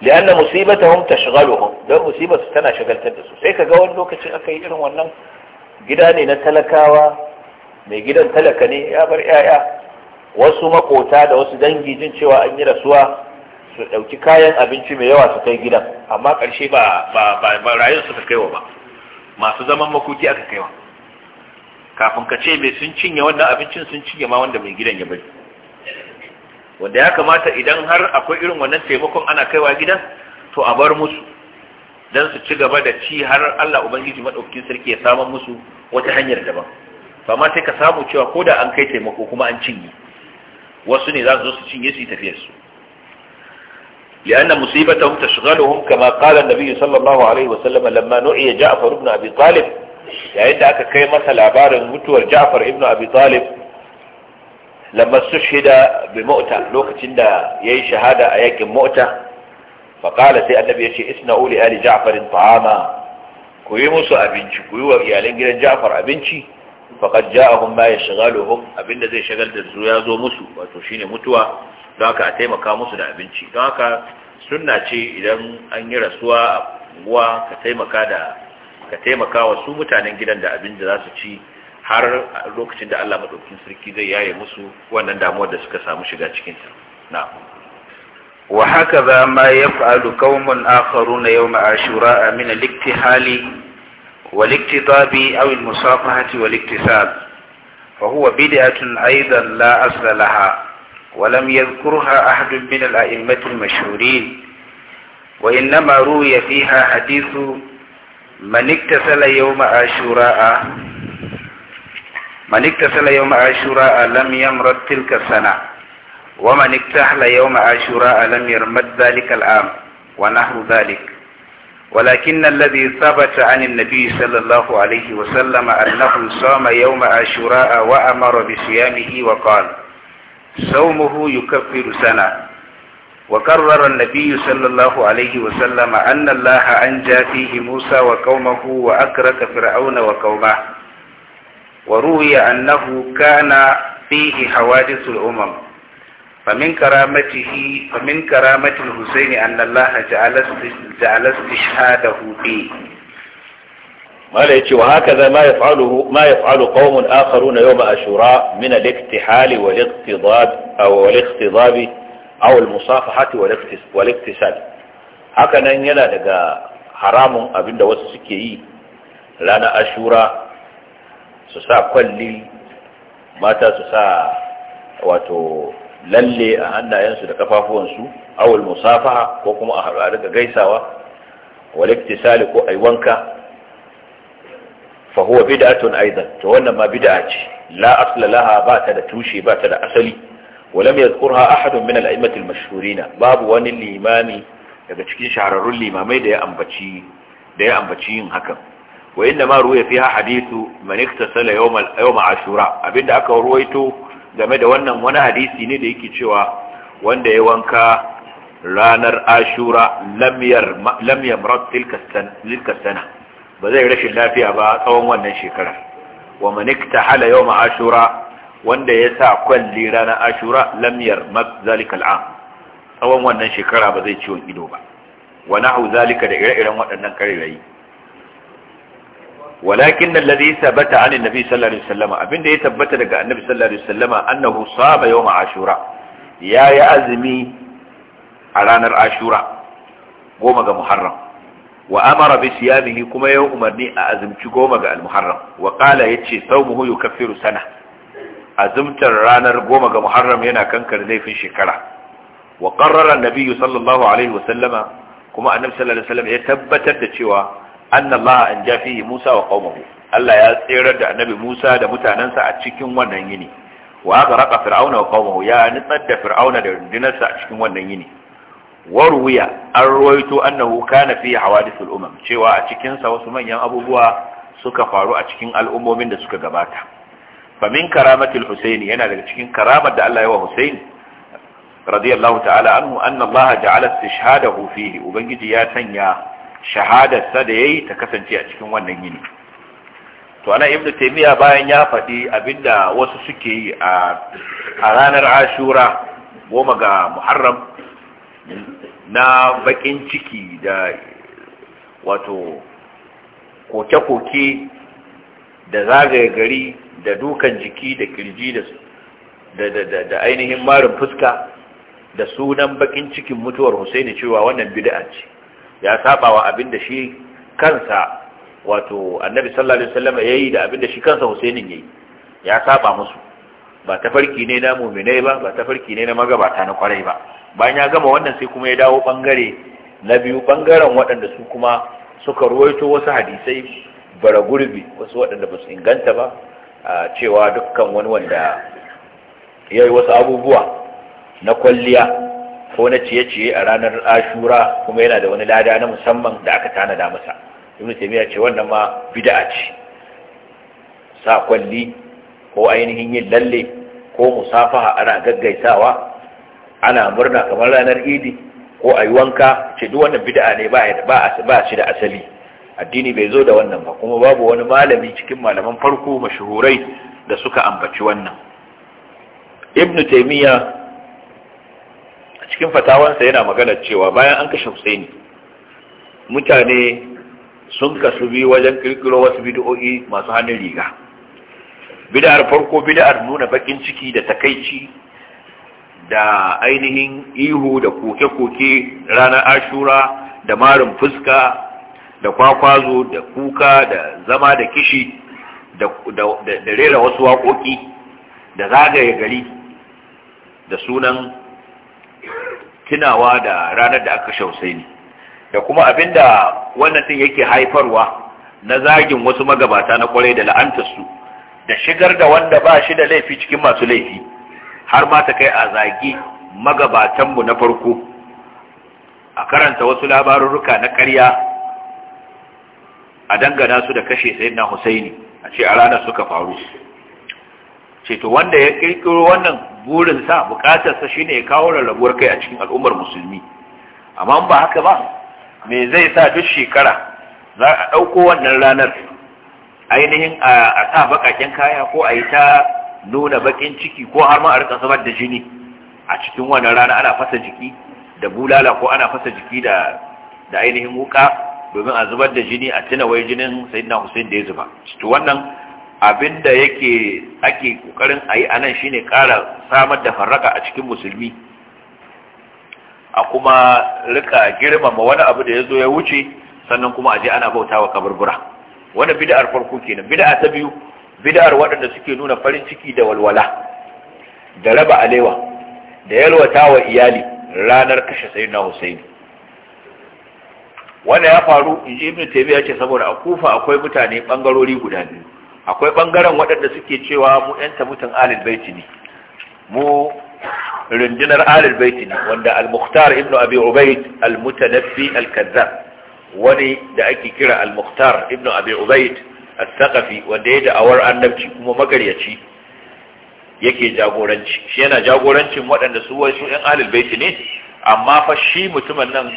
li'anna musibatahum tashghaluhum dan musiba su tana shagaltar da su sai kaga wani lokacin aka yi irin wannan gida ne na talakawa mai gidan talaka ne ya bar yaya wasu makota da wasu dangi jin cewa an yi rasuwa su ɗauki kayan abinci mai yawa su kai gidan amma ƙarshe ba ba rayun suka kaiwa ba masu zaman makoki aka kaiwa kafin ka ce mai sun cinye wannan abincin sun cinye ma wanda mai gidan ya bari wanda ya kamata idan har akwai irin wannan taimakon ana kaiwa gida to a bar musu don su ci gaba da ci har Allah Ubangiji maɗaukakin sarki ya samar musu wata hanyar daban amma sai ka samu cewa ko da an kai taimako kuma an cinye wasu ne za su zo su cinye su yi tafiyar su لأن مصيبتهم تشغلهم كما قال النبي صلى الله عليه وسلم لما نعي جعفر بن أبي طالب يعني أنت أكا كي مثل عبارة متور جعفر ابن أبي طالب lamma sushida bi mu'ta lokacin da yayi shahada a yakin mu'ta fa sai annabi yace isna'u li ali ja'far ta'ama ku yi musu abinci ku yi wa iyalan gidan ja'far abinci faqad ja'ahum ma yashghaluhum abinda zai shagal da su ya zo musu wato shine mutuwa don haka a taimaka musu da abinci don haka sunna ce idan an yi rasuwa a unguwa ka taimaka da ka taimaka wa su mutanen gidan da abin da za su ci har lokacin da Allah madaukakin sarki zai yaye musu wannan damuwar da suka samu shiga cikin ta na wa hakaza ma yaf'alu qaumun akharuna yawma ashura min al hali. Wa iktidabi aw awin musafahati wal iktisab fa huwa bid'atun aidan la asla laha ولم يذكرها أحد من الأئمة المشهورين وإنما روي فيها حديث من اكتسل يوم عاشوراء من اكتسل يوم عاشوراء لم يمرض تلك السنة ومن اكتحل يوم عاشوراء لم يرمد ذلك العام ونحو ذلك ولكن الذي ثبت عن النبي صلى الله عليه وسلم أنه صام يوم عاشوراء وأمر بصيامه وقال صومه يكفر سنة وكرر النبي صلى الله عليه وسلم أن الله أنجى فيه موسى وقومه وأكرك فرعون وقومه وروي أنه كان فيه حوادث الأمم فمن كرامته فمن كرامة الحسين أن الله جعل جعل استشهاده به ما ليش وهكذا ما يفعله ما يفعل قوم آخرون يوم أشوراء من الاكتحال والاقتضاب أو الاقتضاب أو المصافحة والاكتسال هكذا ينا لقى حرام أبن wasu لنا أشوراء su sa kwalli mata su sa wato lalle a hannayensu da kafafuwansu awul musafaha ko kuma a haɗu daga gaisawa waliktisali ko ai wanka fa huwa bid'atun aidan wannan ma bid'a ce la asla laha ba ta da tushe ba ta da asali ولم يذكرها ahadun من الأئمة mashuri'na. Babu wani limami daga cikin shahararrun limamai da ya ambaci da ya ambaci yin hakan wa inda ma ruwa fiha hadithu man iktasala yawm ashura abinda aka ruwaito game da wannan wani hadisi ne da yake cewa wanda ya wanka ranar ashura lam yamrat tilka sana ba zai rashin lafiya ba tsawon wannan shekarar wa man iktahala yawm ashura wanda ya sa kwalli ranar ashura lam yarmat zalika al'am tsawon wannan shekara ba zai ciwon ido ba wa nahu zalika da ire-iren waɗannan karirayi walakin alladhi thabata an annabi sallallahu alaihi wasallam abinda ya tabbata daga annabi sallallahu alaihi wasallam annahu saba yawm ashura ya yayi azumi a ranar ashura goma ga muharram wa amara bi siyamihi kuma ya umarni a azumci goma ga al-muharram wa qala yace sawmuhu yukaffiru sana azumtar ranar goma ga muharram yana kankar laifin shekara wa qarrara an-nabi sallallahu alaihi wasallama kuma annabi sallallahu alaihi wasallam ya tabbatar da cewa anna Allah an ja fihi Musa wa qaumahu Allah ya tserar da annabi Musa da mutanansa a cikin wannan yini wa aghraqa fir'auna wa qaumahu ya nitsar da fir'auna da rundunarsa a cikin wannan yini wa ruwiya an ruwaito annahu kana fi hawadithul umam cewa a cikin sa wasu manyan abubuwa suka faru a cikin al'ummomin da suka gabata fa min karamatil husaini yana daga cikin karamar da Allah ya wa husaini radiyallahu ta'ala anhu anna Allah ja'ala istishhadahu fihi ubangiji ya sanya shahadarsa da ya yi ta kasance a cikin wannan yini to ana ibn taimiyya bayan ya faɗi abinda wasu suke yi a ranar ashura goma ga muharram na bakin ciki da wato koke-koke da zagaye gari da dukan jiki da kirji da ainihin marin fuska da sunan bakin cikin mutuwar husaini cewa wannan bid'a ce ya saba wa abin da shi kansa wato annabi sallallahu alaihi wasallam yayi da abin da shi kansa Husainin yayi ya saba musu ba ta farki ne na mu'minai ba ba ta farki ne na magabata na kwarai ba bayan ya gama wannan sai kuma ya dawo bangare na biyu bangaren waɗanda su kuma suka ruwaito wasu hadisai bara gurbi wasu waɗanda ba su inganta ba a cewa dukkan wani wanda ya yi wasu abubuwa na kwalliya ko na ciye-ciye a ranar ashura kuma yana da wani lada na musamman da aka tanada masa ibn taymiya ce wannan ma bid'a ce sa kwalli ko ainihin yin lalle ko musafaha ana gaggaisawa ana murna kamar ranar idi ko ayi wanka ce duk wannan bid'a ne ba ba ba shi da asali addini bai zo da wannan ba kuma babu wani malami cikin malaman farko mashahurai da suka ambaci wannan ibn taymiya cikin fatawansa yana magana cewa bayan an kashe Husaini mutane sun kasu bi wajen kirkiro wasu bid'o'i masu hannun riga bid'ar farko bid'ar nuna bakin ciki da takaici da ainihin ihu da koke-koke ranar ashura da marin fuska da kwakwazo da kuka da zama da kishi da rera wasu waƙoƙi da zagaye gari da sunan tunawa da ranar da aka shausai ne da kuma abinda wannan tun yake haifarwa na zagin wasu magabata na kwarai da la'antarsu da shigar da wanda ba shi da laifi cikin masu laifi har ma ta kai a zagi magabatanmu na farko a karanta wasu labarurruka na karya, a dangana su da kashe na Husaini a ce a ranar suka faru ce to wanda ya kirkiro wannan burin sa bukatar sa shine ya kawo rarrabuwar kai a cikin al'ummar musulmi amma ba haka ba me zai sa duk shekara za a ɗauko wannan ranar ainihin a sa bakaken kaya ko a yi ta nuna bakin ciki ko har ma a rika zubar da jini a cikin wannan rana ana fasa jiki da bulala ko ana fasa jiki da da ainihin wuka domin a zubar da jini a tuna wai jinin sayyidina Hussein da ya zuba to wannan Abin abinda yake ake kokarin yi anan shine kara samar da farraka a cikin musulmi a kuma rika girmama wani abu da ya zo ya wuce sannan kuma a je ana bautawa kaburbura Wani bid'ar farko kenan bid'a ta biyu bid'ar waɗanda suke nuna farin ciki da walwala da raba alewa da yalwata wa iyali ranar kashe sayyidina Husaini wanda ya faru ji ibn taymiya ce saboda a kufa akwai mutane bangarori guda biyu akwai bangaren waɗanda suke cewa mu yan tabutin alil baiti ne mu rundunar alil baiti ne wanda al-mukhtar ibnu abi ubayd al mutanabbi al-kazzab wani da ake kira al-mukhtar ibnu abi ubayd al-thaqafi wanda ya da'awar annabci kuma magaryaci yake jagoranci shi yana jagorancin waɗanda su wasu yan alil baiti ne amma fa shi mutumin nan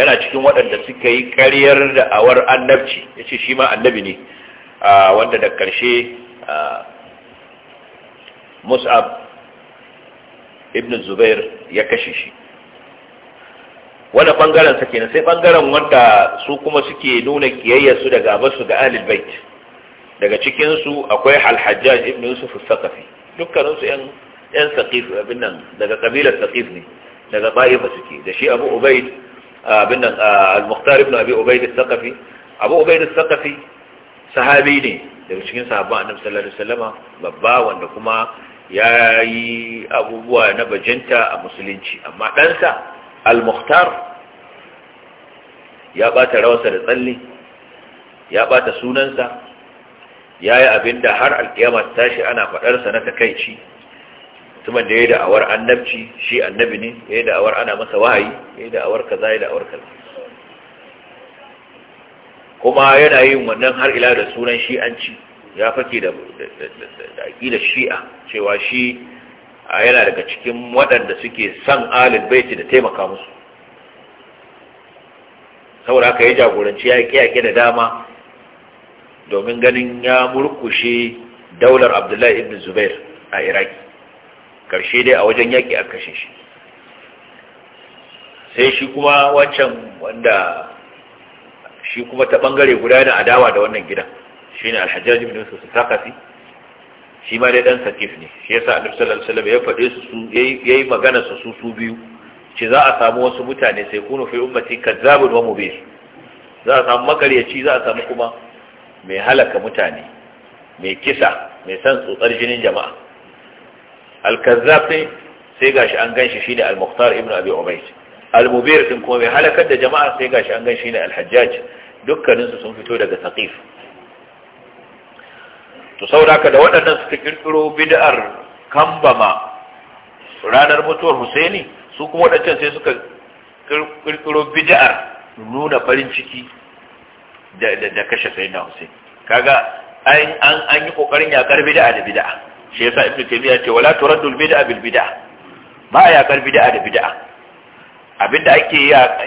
yana cikin waɗanda suka yi ƙaryar da'awar annabci ya ce shi ma annabi ne wanda da ƙarshe mus'ab ibn zubair ya kashe shi wanda ɓangaren sa kenan sai ɓangaren wanda su kuma suke nuna kiyayyarsu daga abasu ga ahlul bait daga cikinsu akwai alhajjaj ibn yusuf al-saqafi dukkaninsu yan yan saqif abin nan daga kabilar saqif ne daga ba'ifa suke da shi abu ubaid abin nan al-mukhtar ibn abi ubaid al-saqafi abu ubaid al-saqafi sahabi ne daga cikin sahabban annabi sallallahu alaihi wasallama babba wanda kuma ya yi abubuwa na bajinta a musulunci amma ɗansa al-mukhtar ya ɓata rawarsa da tsalle ya ɓata sunansa ya yi abin da har alkiyama tashi ana faɗarsa na takaici mutumin da ya yi da'awar annabci shi annabi ne ya yi da'awar ana masa wahayi ya yi da'awar kaza ya yi da'awar kaza kuma yana yin wannan har ila da sunan shi'anci ya fake da aƙidar shi'a cewa shi yana daga cikin waɗanda suke son alin baiti da taimaka musu saboda haka ya jagoranci ya yi da dama domin ganin ya murkushe daular abdullahi ibn zubair a iraki ƙarshe dai a wajen yaƙi a kashe shi sai shi kuma wancan wanda shi kuma ta bangare guda da adawa da wannan gidan shine al-hajjaj ibn yusuf al shi ma dai dan sakif ne shi yasa annabi sallallahu alaihi wasallam ya faɗe su su yayi magana su su su biyu ce za a samu wasu mutane sai kunu fi ummati kazzabun wa mubin za a samu makaryaci za a samu kuma mai halaka mutane mai kisa mai san tsotsar jinin jama'a al-kazzab sai gashi an ganshi shine al-mukhtar ibn abi umayyah al-mubir din kuma mai halakar da jama'a sai gashi an gan shi ne al-hajjaj dukkanin su sun fito daga saqif to saboda da waɗannan suka kirkiro bid'ar kambama ranar mutuwar Husaini su kuma waɗancan sai suka kirkiro bid'ar nuna farin ciki da kashe sayyidina Husaini kaga an an an yi kokarin yakar bid'a da bid'a shi yasa ibnu taymiya ce wala turaddu al bid'a bil bid'a ba yakar bid'a da bid'a abinda ake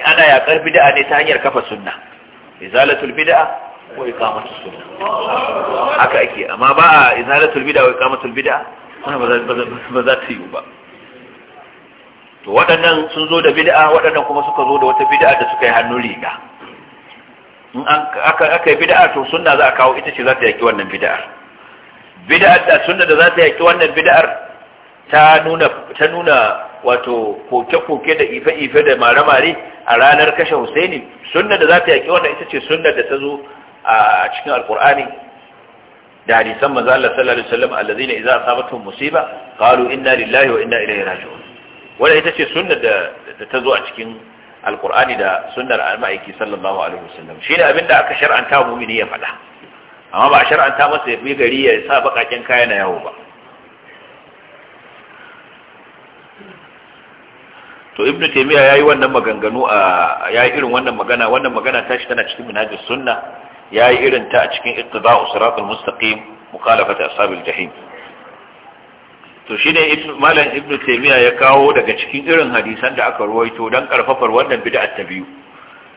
ana yakar bid'a ne ta hanyar kafa sunna izalatul bid'a wa iqamatus sunna haka ake amma ba a izalatul bid'a wa iqamatul bid'a wannan ba za ta yi ba to waɗannan sun zo da bid'a waɗannan kuma suka zo da wata bid'a da suka yi hannun riga in aka yi bid'a to sunna za a kawo ita ce za ta yaki wannan bid'a bid'a da sunna da za ta yaki wannan bid'ar ta nuna ta nuna wato koke-koke da ife-ife da mare-mare a ranar kashe Husaini sunna da za ta yaƙi wannan ita ce sunna da ta zo a cikin Alƙur'ani. da hadisan manzo Allah sallallahu alaihi wasallam allazina a asabatuhum musiba qalu inna lillahi wa inna ilaihi raji'un wannan ita ce sunna da ta zo a cikin Alƙur'ani da sunnar al ma'aiki sallallahu alaihi wasallam abin da aka shar'anta mu'mini ya faɗa amma ba a shar'anta masa ya fi gari ya sa bakakin kaya na yawo ba to ibn taymiya yayi wannan maganganu a yayi irin wannan magana wannan magana tashi tana cikin minhajus sunna yayi irin ta a cikin ittiba'u siratal mustaqim mukhalafat ashabil jahim to shine malam ibn taymiya ya kawo daga cikin irin hadisan da aka ruwaito dan karfafar wannan bid'a ta biyu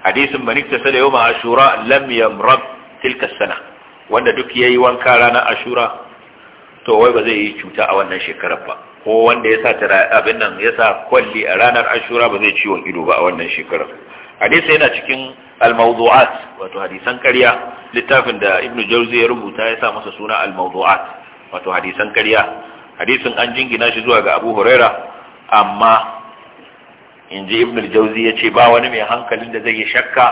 hadisin manik ta sada yawma ashura lam yamrad tilka sana wanda duk yayi wanka ranar ashura to wai ba zai yi cuta a wannan shekarar ba ko wanda ya sa abin nan ya sa kwalli a ranar ashura ba zai ciwon ido ba a wannan shekarar hadisi yana cikin al-mawdu'at wato hadisan ƙarya littafin da ibnu jauzi ya rubuta ya sa masa suna al-mawdu'at wato hadisan ƙarya hadisin an jingina shi zuwa ga abu huraira amma in ji ibnu jauzi ya ce ba wani mai hankalin da zai yi shakka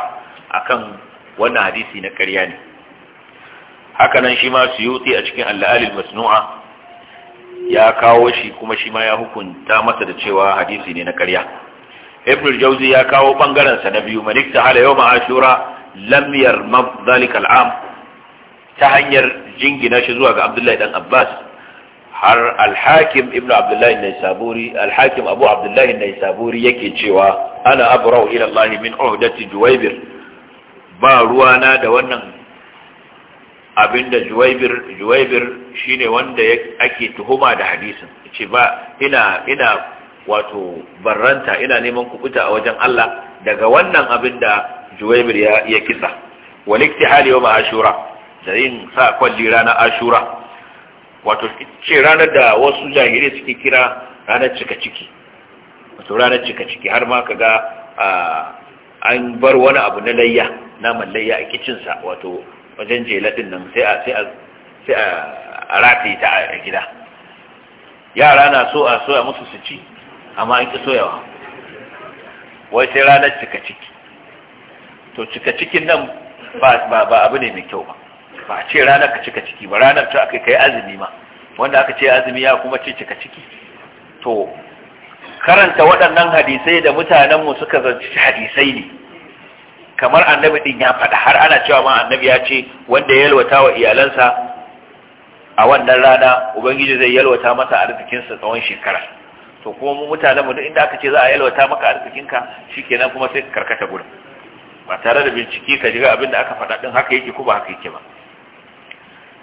akan wannan hadisi na ƙarya ne haka nan shi ma suyuti a cikin al laalil masnu'a ya kawo shi kuma shi ma ya hukunta masa da cewa hadisi ne na ƙarya ibn jauzi ya kawo bangaren sa na biyu manik ta hala yawma ashura lam yarmab zalika al'am ta hanyar jingina shi zuwa ga abdullahi dan abbas har alhakim hakim abdullahi an-naisaburi abu abdullahi yake cewa ana abrau ila allah min uhdati juwaybir ba ruwana da wannan abinda juwaibir juwaibir shine wanda ake tuhuma da hadisin ce ba ina ina wato barranta ina neman kubuta a wajen Allah daga wannan abinda juwaibir ya ya kisa walikti hali wa ashura da yin sa kwalli Rana ashura wato ce ranar da wasu jahiri suke kira ranar cika ciki wato ranar cika ciki har ma ka ga ah, an bar wani abu na layya naman layya a kicinsa wato wajen jeladin nan sai a sai a sai a rataye ta a gida yara na so a soya musu su ci amma an ki soyawa wai sai ranar cika ciki to cika cikin nan ba ba abu ne mai kyau ba ba a ce ranar ka cika ciki ba ranar ta aka kai azumi ma wanda aka ce azumi ya kuma ce cika ciki to karanta waɗannan hadisai da mutanenmu suka zanci hadisai ne kamar annabi din ya faɗa har ana cewa ma annabi ya ce wanda ya yalwata wa iyalansa a wannan rana ubangiji zai yalwata masa arzikinsa tsawon shekara to kuma mu mutanen mu duk inda aka ce za a yalwata maka arzikinka shikenan kuma sai ka karkata gurin ba tare da bincike ka jiga abin da aka faɗa din haka yake ko ba haka yake ba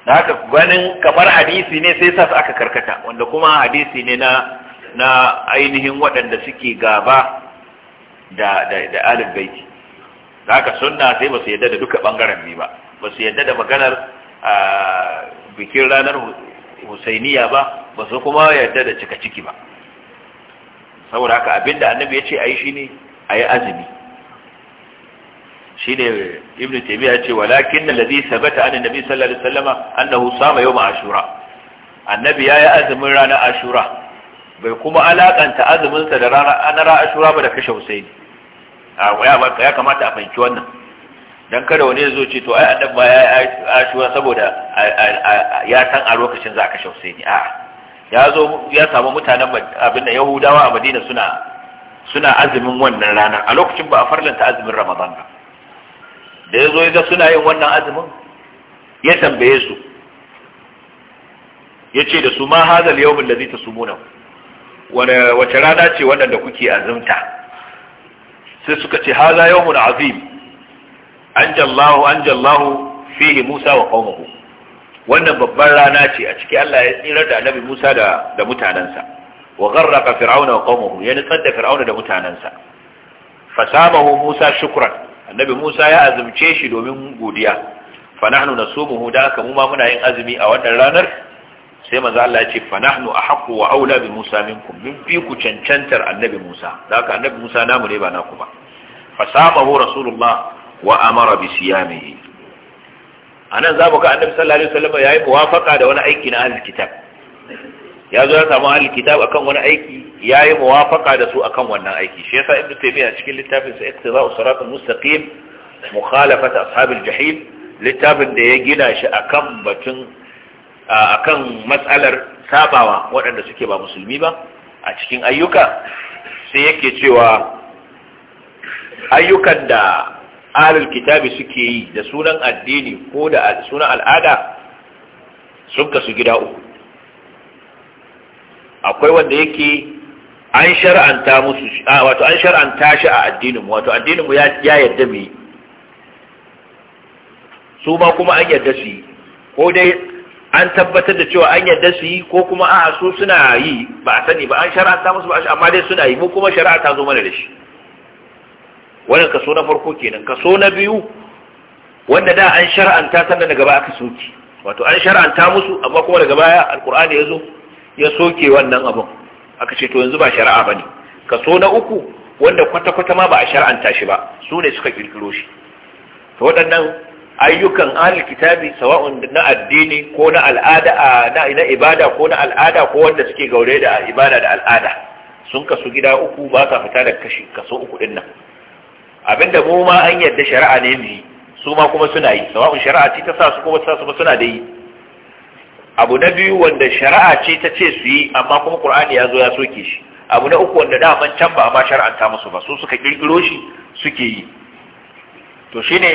na haka ganin kamar hadisi ne sai sa aka karkata wanda kuma hadisi ne na na ainihin waɗanda suke gaba da da da alif baiti zaka sunna sai ba su yadda da duka bangaren bi ba ba su yadda da maganar bikin ranar husainiya ba ba su kuma yadda da cika ciki ba saboda haka abinda annabi ya ce a yi shi ne a yi azumi shi ne ibn taimiyya ya ce walakin na lazi sabata an nabi sallallahu alaihi wasallama annahu sama yau ashura annabi ya yi azumin ranar ashura bai kuma alakanta azuminsa da ranar ashura ba da kashe husaini ya kamata a fahimci wannan don kada wani ya zo ce to ai adam ba ya a shiwa saboda ya san a lokacin za a kashe ni. a ya zo ya samu mutanen abinda Yahudawa a Madina suna suna azumin wannan ranar a lokacin ba a farlanta azumin Ramadan ba da ya zo ya ga suna yin wannan azumin ya tambaye su ya ce da su ma hazal ta ladhi tasumuna wace rana ce wannan da kuke azumta sai suka ce haza yau azim an anjallahu fihi Musa wa qaumuhu wannan babbar rana ce a ciki Allah ya tsirar da Annabi Musa da mutanensa. wa fir'auna wa qaumuhu ya nutsar da fir'auna da mutanansa fasamahu Musa shukran Annabi Musa ya azumce shi domin godiya fa nahnu nasumuhu da aka mu ma muna yin azumi a wannan ranar sai manzo Allah ya ce fa nahnu ahqqu wa aula bi Musa minkum min fi ku cancantar annabi Musa da ka annabi Musa namu ne ba naku ba fa sabahu rasulullah wa amara bi siyamihi anan za mu ga annabi sallallahu alaihi wasallam yayi muwafaqa da wani aiki na ahlul kitab ya zo ya samu ahlul kitab akan wani aiki yayi muwafaqa da su akan wannan aiki shi yasa ibnu taymiya cikin littafin sa iqtiza'u siratal mustaqim mukhalafat ashabil jahim littafin da ya gina shi akan batun a akan matsalar sabawa waɗanda suke ba musulmi ba a cikin ayyuka sai yake cewa ayyukan da alul kitabi suke yi da sunan addini ko da sunan al'ada sun kasu gida uku akwai wanda yake an shar'anta musu wato an shar'anta shi a addininmu wato addininmu ya yarda mu su ma kuma an yarda su yi ko dai an tabbatar da cewa an yarda su yi ko kuma a su suna yi ba a sani ba an shara'anta musu ba amma dai suna yi mu kuma shari'a ta zo mana da shi wannan kaso na farko kenan kaso na biyu wanda da an shara'anta sannan daga baya aka soke wato an shara'anta musu amma kuma daga baya alkur'ani ya zo ya soke wannan abin aka ce to yanzu ba shari'a bane kaso na uku wanda kwata-kwata ma ba a shara'anta shi ba su ne suka kirkiro shi to waɗannan ayyukan ahli kitabi sawa'un na addini ko na al'ada na ina ibada ko na al'ada ko wanda suke gaure da ibada da al'ada sun kasu gida uku ba sa fita da kashi kaso uku din nan abinda mu ma an yadda shari'a ne mu su ma kuma suna yi sawa'un shari'a ce ta sa su kuma ta sa su suna da yi abu na biyu wanda shari'a ce ta ce su yi amma kuma qur'ani ya zo ya soke shi abu na uku wanda daman can ba ma shar'anta musu ba su suka kirkiro shi suke yi to shi ne,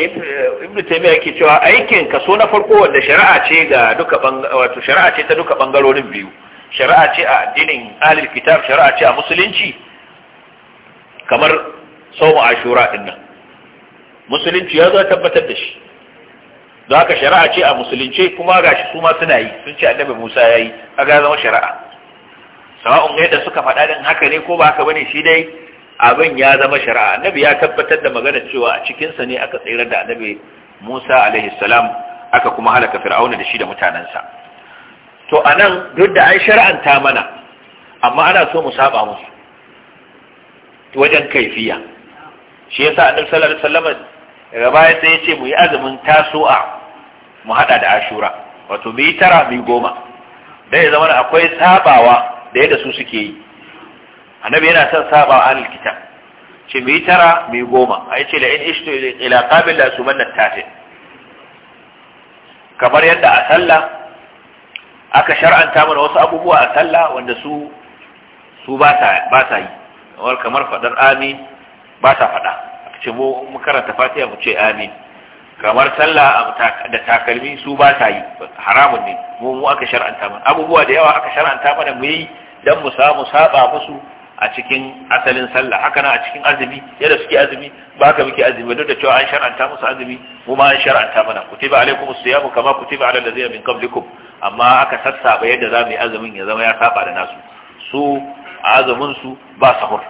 ibnu taymiya ke cewa aikin kaso na farko wanda shari'a ce ga duka wato shari'a ce ta duka bangarorin biyu shari'a ce a addinin ahlul kitab shari'a ce a musulunci kamar sawmu ashura din nan musulunci ya zo tabbatar da shi don haka shari'a ce a musulunci kuma ga su ma suna yi sun ce annabi Musa yayi kaga zama shari'a sawa'un da suka faɗa din haka ne ko ba haka ba ne shi dai abin ya zama shari'a annabi ya tabbatar da magana cewa a cikinsa ne aka tsirar da annabi musa alaihi salam aka kuma halaka fir'auna da shi da mutanensa to a nan duk da an shari'anta mana amma ana so mu saba musu wajen kaifiya shi yasa annabi sallallahu alaihi wasallam gaba ya sai ya ce mu yi azumin tasu'a mu hada da ashura wato mu tara mu goma dai ya zama akwai sabawa da yadda su suke yi annabi yana son saba wa ahlul kitab ce mu yi tara mu yi goma a yace la in ishtu ila qabil la subanna tatin kamar yadda a sallah aka shar'anta mana wasu abubuwa a sallah wanda su su ba ta ba ta yi kamar kamar fadar amin ba ta fada ce mu mu karanta fatiha mu ce amin kamar sallah da takalmi su ba ta yi haramun ne mu mu aka shar'anta mana abubuwa da yawa aka shar'anta mana mu yi dan mu samu saba musu a cikin asalin sallah haka nan a cikin azumi yadda suke azumi ba ka muke azumi duk da cewa an shar'anta musu azumi mu ma an shar'anta mana kutiba alaikum siyamu kama kutiba ala ladzina min qablikum amma aka sassaba yadda za mu yi azumin ya zama ya saba da nasu su azumin su ba sahur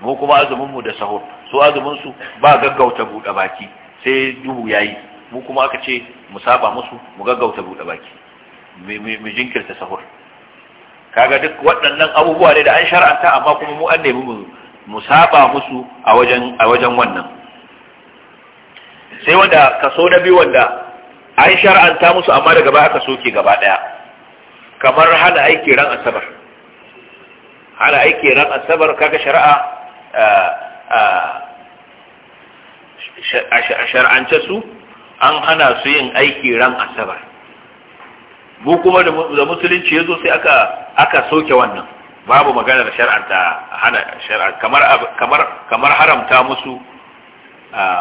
mu kuma azumin mu da sahur su azumin su ba gaggauta buɗe baki sai duhu yayi mu kuma aka ce mu saba musu mu gaggauta buɗe baki mu jinkirta sahur kaga duk waɗannan abubuwa ne da an shar'anta amma kuma mu an nemi mu saba musu a wajen a wajen wannan sai wanda kaso na biyu wanda an shar'anta musu amma daga baya aka soke gaba daya kamar hana aiki ran asabar hana aiki ran asabar kaga shari'a eh, eh, a shar'ance su an hana su yin aiki ran asabar mu kuma da musulunci ya zo sai aka aka soke wannan babu maganar shar'anta hana shar'a kamar kamar kamar haramta musu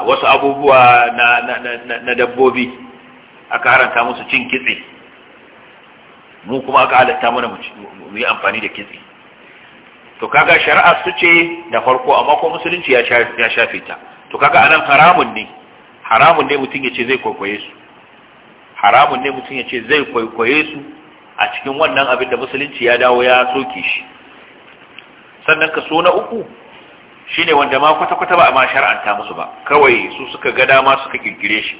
wasu abubuwa na na dabbobi aka haramta musu cin kitse mu kuma aka halatta mana mu yi amfani da kitse to kaga shari'a su ce da farko amma ko musulunci ya shafe ta to kaga anan haramun ne haramun ne mutum ya ce zai kwaikwaye su haramun ne mutum ya ce zai kwaikwaye su a cikin wannan abin da musulunci ya dawo ya soke shi sannan kaso na uku Shi ne wanda ma kwata-kwata ba a ma shar'anta musu ba kawai su suka ga dama suka kirkire shi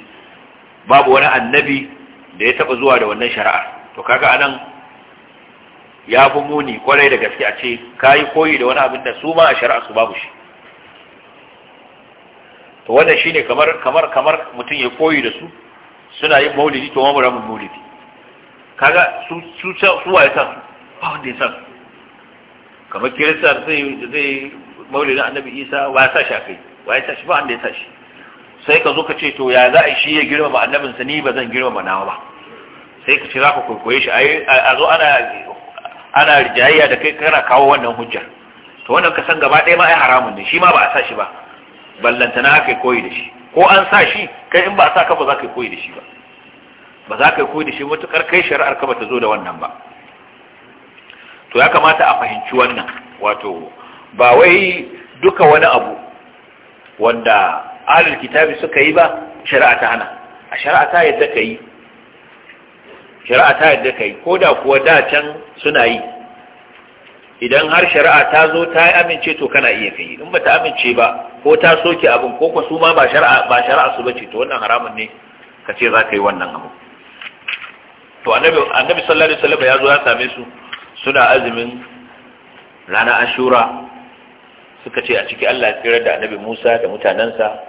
babu wani annabi da ya taba zuwa da wannan shari'ar to kaga anan ya fi muni kwarai da gaske a ce ka yi koyi da wani abin da su ma a shari'ar su babu shi to wannan ne kamar kamar kamar mutum ya koyi da su suna yin maulidi to mamu ramin maulidi kaga su su su waye sa ba wanda ya sa kamar kirista zai zai maulidi annabi isa wa ya sa shi akai wa ya sa shi ba wanda ya sa shi sai ka zo ka ce to ya za a shi ya girmama annabinsa ni ba zan girmama nawa ba sai ka ce za ka kwaikwaye shi a zo ana ana rijayya da kai kana kawo wannan hujjar to wannan ka san gaba ɗaya ma ai haramun ne shi ma ba a sa shi ba ballantana aka koyi da shi ko an sa shi kai in ba a sa ka ba za ka yi koyi da shi ba ba za ka yi koyi da shi matukar kai shari'ar ka ba ta zo da wannan ba to ya kamata a fahimci wannan wato ba wai duka wani abu wanda alil kitabi suka yi ba shari'a ta hana a shari'a ta yadda ka yi shari'a ta yadda ka yi ko da kuwa da can suna yi idan har shari'a ta zo ta yi amince to kana iya kai in ba ta amince ba ko ta soke abin ko kuma su ma ba shari'a su bace to wannan haramun ne ka ce za ka yi wannan abu to annabi annabi sallallahu alaihi wasallam ya zo ya same su suna azumin ranar ashura suka ce a ciki Allah ya tsira da annabi Musa da mutanansa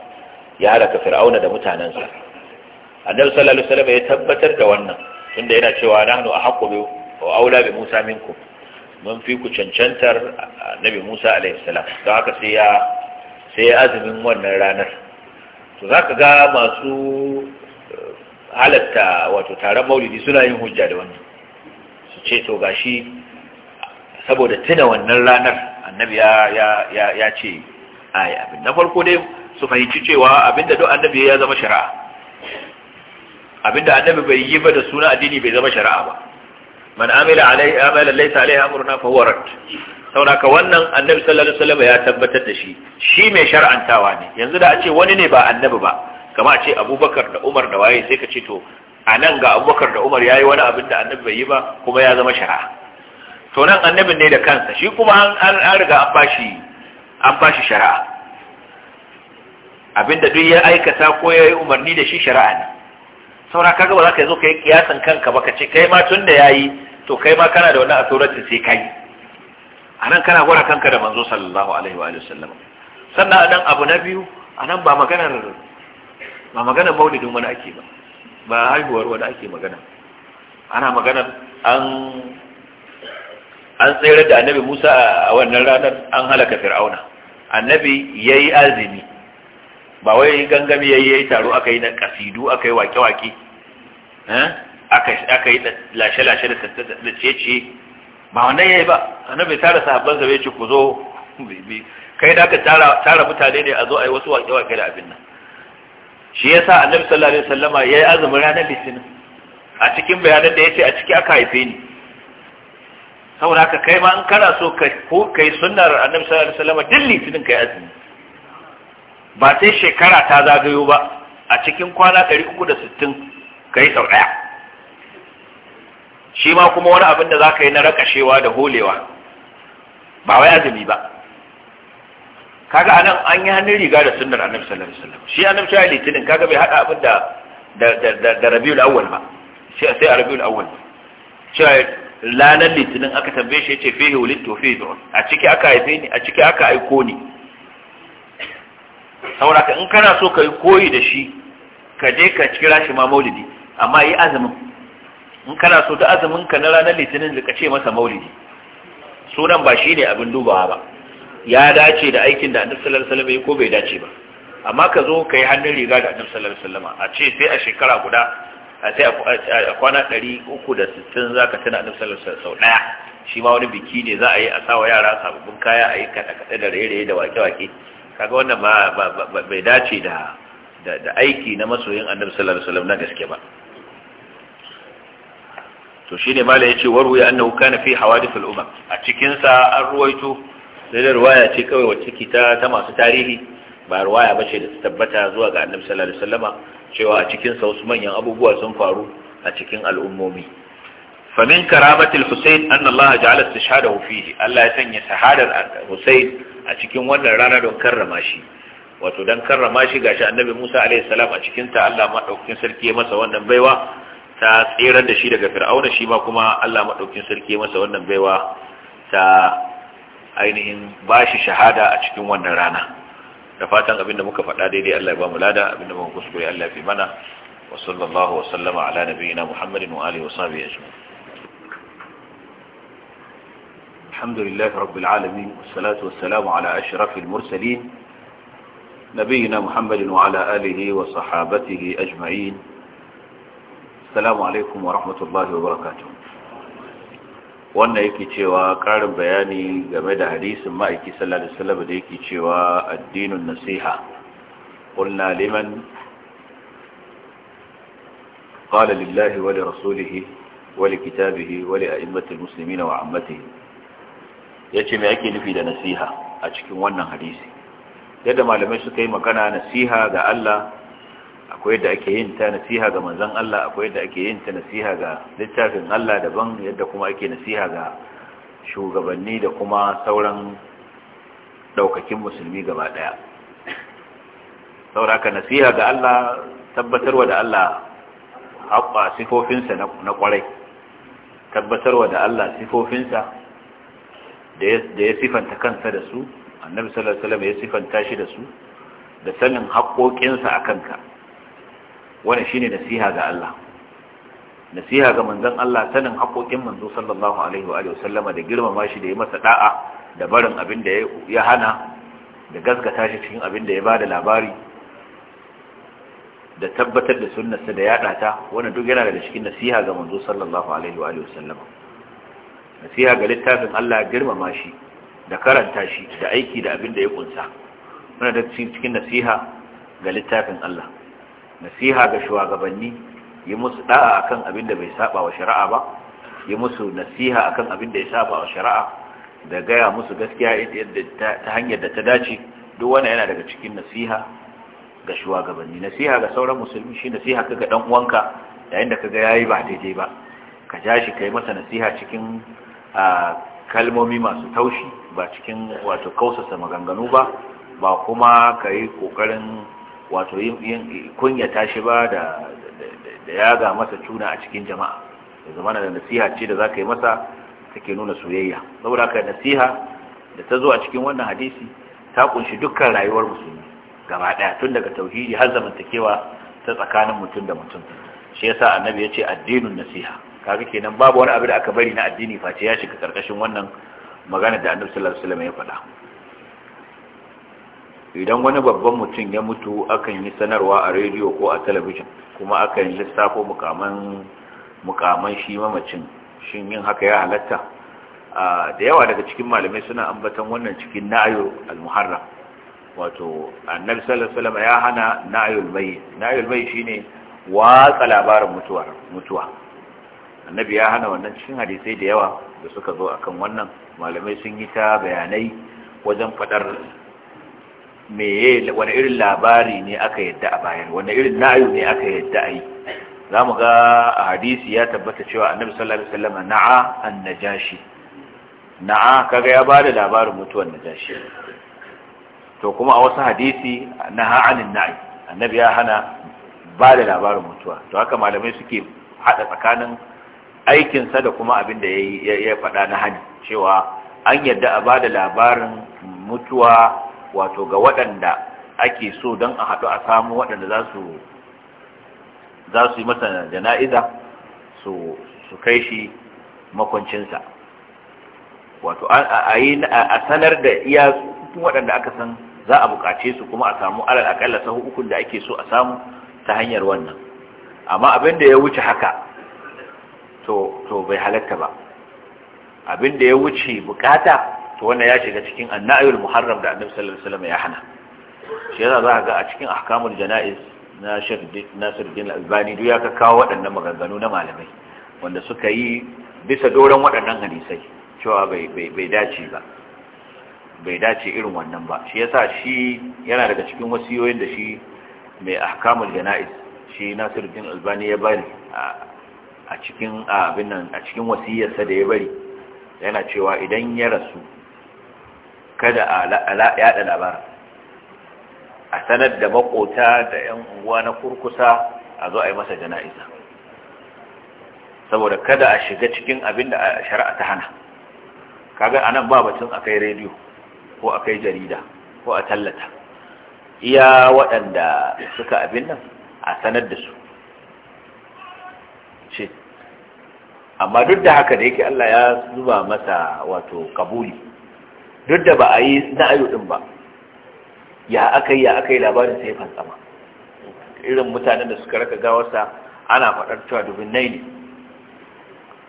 ya halaka fir'auna da mutanansa annabi sallallahu alaihi wasallam ya tabbatar da wannan tunda yana cewa nahnu ahqqu bi wa aula bi Musa minkum mun fi ku cancantar annabi Musa alaihi salam don haka sai ya sai azumin wannan ranar to za ka ga masu eh, halatta wato taron maulidi suna yin hujja da wannan su ce to gashi saboda tuna wannan ranar annabi ya ce ayi abin na farko dai su fahimci cewa abinda duk annabi ya zama shari'a abinda annabi bai yi ba da suna addini bai zama shari'a ba man amila alai amala laysa alai amruna fa huwa rad sauraka wannan annabi sallallahu alaihi wasallam ya tabbatar da shi shi mai shar'antawa ne yanzu da a ce wani ne ba annabi ba kama a ce abubakar da umar da waye sai ka ce to a nan ga abubakar da umar ya yi wani abin da annabi bai yi ba kuma ya zama shara to nan annabin ne da kansa shi kuma an riga an bashi an bashi shari'a abinda duk ya aikata ko ya yi umarni da shi shari'a ne saura kaga ba za ka zo ka yi kiyasan kanka ba ka ce kai ma tun da ya yi to kai ma kana da wani asoratin sai kai A nan kana gwara kanka da manzo sallallahu alaihi wa sallam sannan a nan abu na biyu A nan ba maganar ba maganar maulidin wani ake ba ba haihuwar wani ake magana ana maganar an an tsere da annabi Musa a wannan ranar an halaka fir'auna annabi yayi azumi ba wai gangami yayi yayi taro aka yi na kasidu aka yi wake-wake eh aka aka yi lashe-lashe da ciye-ciye ba wannan yi ba annabi tara sahabban sa bai ce ku zo bibi kai da ka tara tara mutane ne a zo ayi wasu waƙe waƙe da abin nan shi yasa annabi sallallahu alaihi wasallama yi azumin ranar litinin a cikin bayanan da yace a ciki aka haife ni saboda haka kai ma in kana so ka ko kai sunnar annabi sallallahu alaihi wasallama din litinin kai azumi ba sai shekara ta zagayo ba a cikin kwana 360 kai sau daya shi ma kuma wani abin da za ka yi na rakashewa da holewa ba wai azumi ba kaga anan an yi hannun riga da sunnar annabi sallallahu alaihi wasallam shi annabi shi litinin kaga bai hada abin da da da rabiul awwal ba sai sai rabiul awwal cewa lanar litinin aka tambaye shi yace fihi to fihi du'un a ciki aka haife ni a ciki aka aiko ni saboda in kana so ka yi koyi da shi ka je ka kira shi ma maulidi amma yi azumin in kana so da azumin ka na ranar litinin da ce masa maulidi sunan ba shi ne abin dubawa ba ya dace da aikin da annabi sallallahu alaihi wasallam ko bai dace ba amma ka zo ka yi hannun riga da annabi sallallahu alaihi wasallam a ce sai a shekara guda a sai a kwana 360 zaka tana annabi sallallahu alaihi wasallam sau daya shi ma wani biki ne za a yi a sawa yara sababbin kaya a yi kaɗe-kaɗe da raye-raye da wake-wake kaga wannan ba bai dace da da aiki na masoyin annabi sallallahu alaihi wasallam na gaske ba to shine mala yace warwi annahu kana fi hawadith al-umam a cikin sa an ruwaito sai da ruwaya ce kawai wacce ke ta ta masu tarihi ba ruwaya bace da tabbata zuwa ga annabi sallallahu alaihi wasallama cewa a cikin sa wasu manyan abubuwa sun faru a cikin al'ummomi famin karamatul husayn anna Allah ja'ala istishhadahu fihi Allah ya sanya shahadar husayn a cikin wannan rana don karrama shi wato don karrama shi gashi annabi Musa alaihi salam a cikin ta Allah madaukakin sarki ya masa wannan baiwa ta tserar da shi daga fir'auna shi ma kuma Allah madaukin sarki masa wannan baiwa ta ainihin bashi shahada a cikin wannan rana da fatan abinda muka faɗa daidai Allah ya ba mu lada abinda muka kuskure Allah ya fi mana wa sallallahu wa sallama ala nabiyyina Muhammadin wa alihi wa sahbihi ajma'in alhamdulillahi rabbil alamin wassalatu wassalamu ala ashrafil mursalin نبينا محمد وعلى wa وصحابته ajma'in. assalamu alaikum wa rahmatullahi wa barakatuh wannan yake cewa karin bayani game da hadisin ma'aiki sallallahu alaihi wasallam da yake cewa addinin nasiha qulna liman qala lillahi wa lirasulihi wa likitabihi wa li'a'immatil muslimina wa 'ammatihi yace me yake nufi da nasiha a cikin wannan hadisi yadda malamai suka yi magana nasiha ga Allah akwai da ake yin ta nasiha ga manzon Allah akwai da ake yin ta nasiha ga littafin Allah daban yadda kuma ake nasiha ga shugabanni da kuma sauran daukakin musulmi gaba daya sauraka nasiha ga Allah tabbatarwa da Allah haƙa sifofinsa na kwarai tabbatarwa da Allah sifofinsa da ya sifanta kansa da su annabi sallallahu alaihi wasallam ya sifanta shi da su da sanin haƙoƙinsa a kanka wannan shine nasiha ga Allah nasiha ga manzon Allah sanin haƙoƙin manzo sallallahu alaihi wa sallama da girmama shi da ya masa da'a da barin abin da ya hana da gaskata shi cikin abin da ya bada labari da tabbatar da sunnarsa da yaɗa ta wani duk yana da cikin nasiha ga manzo sallallahu alaihi wa sallama nasiha ga littafin Allah girmama shi da karanta shi da aiki da abin da ya kunsa wannan da cikin nasiha ga littafin Allah nasiha ga shugabanni yi musu da'a akan abin da bai saba wa shari'a ba yi musu nasiha akan abin da ya saba wa shari'a da gaya musu gaskiya ta hanyar da ta dace duk wani yana daga cikin nasiha ga shugabanni nasiha ga sauran musulmi shi nasiha kaga dan uwanka yayin da kaga yayi ba daidai ba ka ja shi kai masa nasiha cikin kalmomi masu taushi ba cikin wato kausasa maganganu ba ba kuma kai kokarin wato yin ta shi ba da yaga masa cuna a cikin jama'a da zamana da nasiha ce da za ka yi masa take nuna soyayya saboda haka nasiha da ta zo a cikin wannan hadisi ta kunshi dukkan rayuwar musulmi gaba ɗaya. tun daga tauhidi har zamantakewa ta tsakanin mutum da mutum shi yasa annabi ya ce addinin nasiha kaga kenan babu wani abu da aka bari na addini face ya shiga karkashin wannan magana da annabi sallallahu alaihi wasallam ya faɗa idan wani babban mutum ya mutu akan yi sanarwa a rediyo ko a talabijin kuma akan lissafo mukaman shi mamacin shin yin haka ya halatta da yawa daga cikin malamai suna ambatan wannan cikin na'ayo al-muharram wato annabi sallallahu alaihi wasallam ya hana na'ayul mayyit na'ayul mayyit shine watsa labarin mutuwa mutuwa annabi ya hana wannan cikin hadisai da yawa da suka zo akan wannan malamai sun yi ta bayanai wajen fadar meye wani irin labari ne aka yadda a bayar wani irin na'ayu ne aka yadda a yi za mu ga a hadisi ya tabbata cewa annabi sallallahu alaihi wasallam na'a an najashi na'a kaga ya bada labarin mutuwar najashi to kuma a wasu hadisi naha anin na'i annabi ya hana bada labarin mutuwa to haka malamai suke hada tsakanin aikinsa da kuma abin da ya faɗa na hani cewa an yadda a bada labarin mutuwa wato ga waɗanda ake so don a haɗu a samu waɗanda za su yi masa jana'iza su kai shi makoncinsa, wato a sanar da iya waɗanda aka san za a buƙace su kuma a samu alal akalla sahu ukun da ake so a samu ta hanyar wannan amma abin da ya wuce haka to bai halatta ba abin da ya wuce bukata to wannan ya shiga cikin annayul muharram da annabi sallallahu alaihi wasallam ya hana shi yasa za ga a cikin ahkamul janaiz na shirdi nasiruddin albani duk ya kawo waɗannan maganganu na malamai wanda suka yi bisa doron waɗannan hadisai cewa bai dace ba bai dace irin wannan ba shi yasa shi yana daga cikin wasiyoyin da shi mai ahkamul janaiz shi nasiruddin albani ya bari a cikin abin nan a cikin wasiyarsa da ya bari yana cewa idan ya rasu kada a yada labarin a sanar da makota da 'yan unguwa na kurkusa a zo a yi masa jana'iza saboda kada a shiga cikin abin da shari'a ta hana kaga anan ba batun a kai rediyo ko a kai jarida ko a tallata iya waɗanda suka abin nan a sanar da su ce amma duk da haka da yake Allah ya zuba masa wato kabuli duk da ba a yi na'ayu din ba ya akai ya akai labarin sai fantsama irin mutanen da suka raka gawarsa ana faɗar cewa nai ne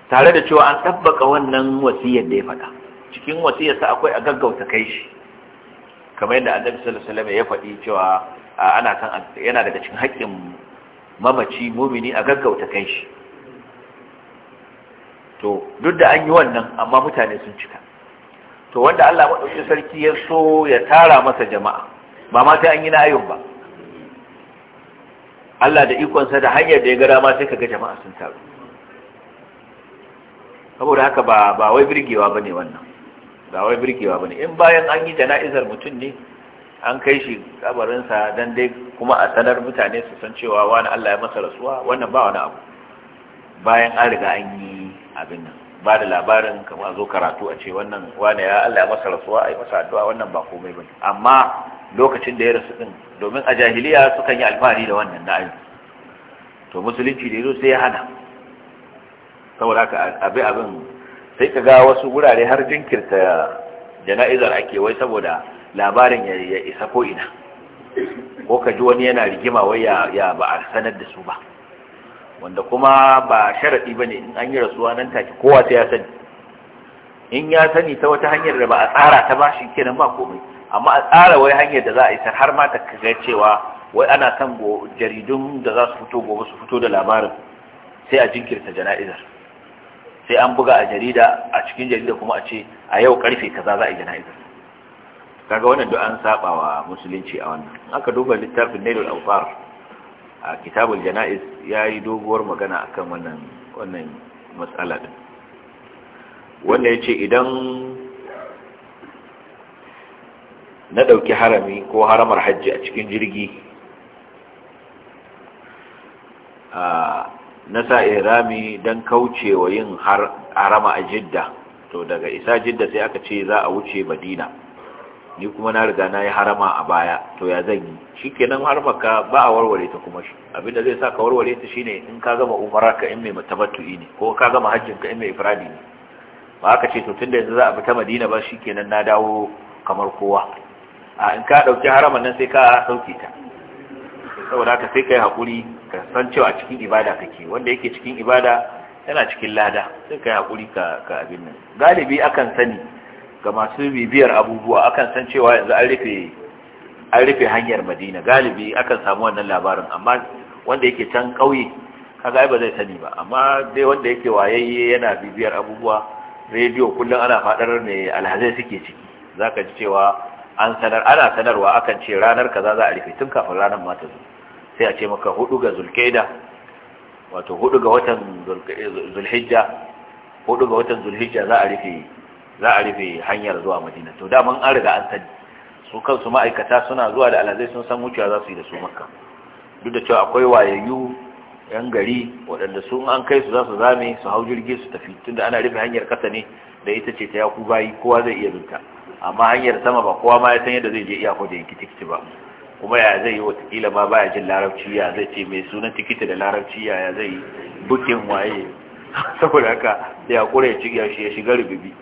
tare da cewa an tabbaka wannan wasiyar da ya faɗa cikin wasiyarsa akwai a gaggauta kai shi kamar yadda annabi sallallahu alaihi wasallam ya faɗi cewa ana kan yana daga cikin haƙƙin mamaci mumini a gaggauta kai shi to duk da an yi wannan amma mutane sun cika to wanda Allah maɗauki sarki ya so ya tara masa jama'a ba ma sai an yi na'ayun ba Allah da ikonsa da hanyar da ya gara ma sai ga jama'a sun taru saboda haka ba ba wai birgewa bane wannan ba wai birgewa bane in bayan an yi jana'izar mutum ne an kai shi kabarinsa dan dai kuma a sanar mutane su san cewa wani Allah ya masa rasuwa wannan ba wani abu bayan an riga an yi abin nan ba da labarin kamar zo karatu a ce wannan wane ya Allah ya masa rasuwa a yi masa addu'a wannan ba komai ba amma lokacin da ya rasu din domin a jahiliya sukan yi alfahari da wannan na na'ayi to musulunci da yazo sai ya hana saboda haka abi abin sai ka ga wasu wurare har jinkirta jana'izar ake wai saboda labarin ya isa ko ina ko ka ji wani yana rigima wai ya ba a sanar da su ba wanda kuma ba sharaɗi ba ne in an yi rasuwa nan take kowa sai ya sani in ya sani ta wata hanyar da ba a tsara ta ba shi kenan ba komai amma a tsara wai hanyar da za a isa, har ma ta kaga cewa wai ana kan jaridun da za su fito gobe su fito da labarin sai a jinkirta jana'izar sai an buga a jarida a cikin jarida kuma a ce a yau karfe kaza za a yi jana'izar kaga wannan duk an saba wa musulunci a wannan aka duba littafin nailul awfar a kitabul jana'iz ya yi doguwar magana akan wannan wannan matsala din wanda yace idan na ɗauki harami ko haramar hajji a cikin jirgi na sa irami dan kaucewa yin harama a jidda to daga isa jidda sai aka ce za a wuce madina ni kuma na riga na yi harama a baya to ya zan yi shi kenan ka ba a warware ta kuma shi abinda zai sa ka warware ta shine in ka gama umara ka in mai matabattu'i ne ko ka gama hajjin ka in mai ifradi ne ba haka ce to tunda yanzu za a fita madina ba shi kenan na dawo kamar kowa a in ka ɗauki haraman nan sai ka sauke ta saboda haka sai kai hakuri ka san cewa cikin ibada kake wanda yake cikin ibada yana cikin lada sai kai hakuri ka abin nan galibi akan sani ga masu bibiyar abubuwa akan san cewa yanzu an rufe an rufe hanyar madina galibi akan samu wannan labarin amma wanda yake can kauye kaga ai ba zai sani ba amma dai wanda yake wayayye yana bibiyar abubuwa rediyo kullum ana faɗar ne alhazai suke ciki zaka ji cewa an sanar ana sanarwa akan ce ranar kaza za a rufe tun kafin ranar ma ta zo sai a ce maka hudu ga zulkaida wato hudu ga watan zulhijja hudu ga watan zulhijja za a rufe za a rufe hanyar zuwa madina to da an riga an sani su kansu ma'aikata suna zuwa da alhazai sun san wucewa za su yi da su makka duk da cewa akwai wayayyu yan gari waɗanda sun an kai su za su zame su hau jirgi su tafi tunda ana rufe hanyar kasa ne da ita ce ta yaku bayi kowa zai iya binta amma hanyar sama ba kowa ma ya san yadda zai je iyako da yanki tikiti ba kuma ya zai yi watakila ma baya jin larabci ya zai ce mai sunan tikiti da larabci ya ya zai bukin waye saboda haka ya kure ya shiga rububi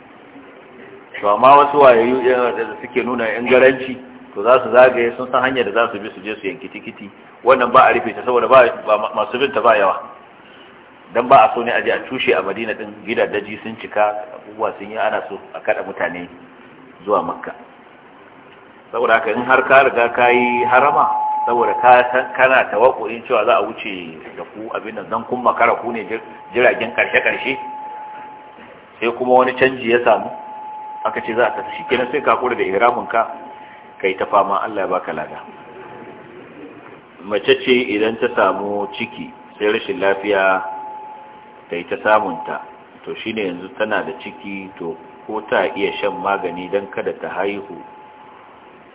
to amma wasu wayayyu da suke nuna yan garanci to za su zagaye sun san hanyar da za su bi su je su yanki tikiti wannan ba a rufe ta saboda ba masu binta ba yawa dan ba a so ne a je a cushe a madina din gidaje sun cika abubuwa sun yi ana so a kada mutane zuwa makka saboda haka in har ka riga ka yi harama saboda kana tawakkuin cewa za a wuce da ku abin nan dan kun makara ku ne jiragen karshe karshe sai kuma wani canji ya samu aka ce za a kasa shi kenan sai ka kura da ihraminka ka yi ta fama Allah ya baka lada mace ce idan ta samu ciki sai rashin lafiya ta yi ta samunta to shine yanzu tana da ciki to ko ta iya shan magani don kada ta haihu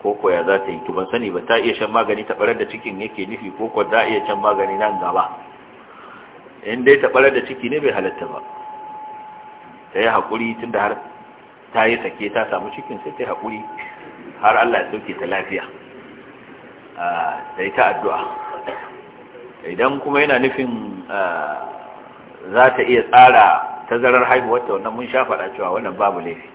ko koya za ta yi to sani ba ta iya shan magani ta da cikin yake nufi ko ko za iya shan magani nan gaba in dai ta barar da ciki ne bai halatta ba ta yi haƙuri tun da har ta yi sake ta samu cikin sai ta haƙuri har Allah ya sauke ta lafiya ta yi ta addu'a idan kuma yana nufin za ta iya tsara tazarar haihuwa ta wannan mun sha faɗa cewa wannan babu laifi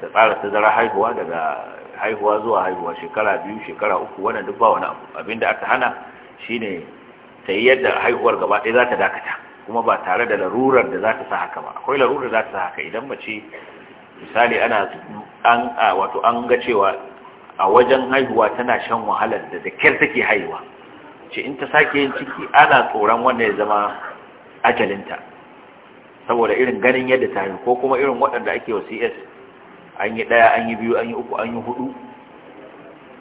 ta tsara tazarar haihuwa daga haihuwa zuwa haihuwa shekara biyu shekara uku wannan duk ba wani abu abinda aka hana shine ta yi yadda haihuwar gaba ɗaya za ta dakata kuma ba tare da larurar da za ta sa haka ba akwai larurar da za ta sa haka idan mace misali ana an wato an ga cewa a wajen haihuwa tana shan wahalar da da kyar take haihuwa ce in ta sake yin ciki ana tsoron wanda ya zama ajalinta saboda irin ganin yadda ta yi ko kuma irin waɗanda ake wa cs an yi ɗaya an yi biyu an yi uku an yi hudu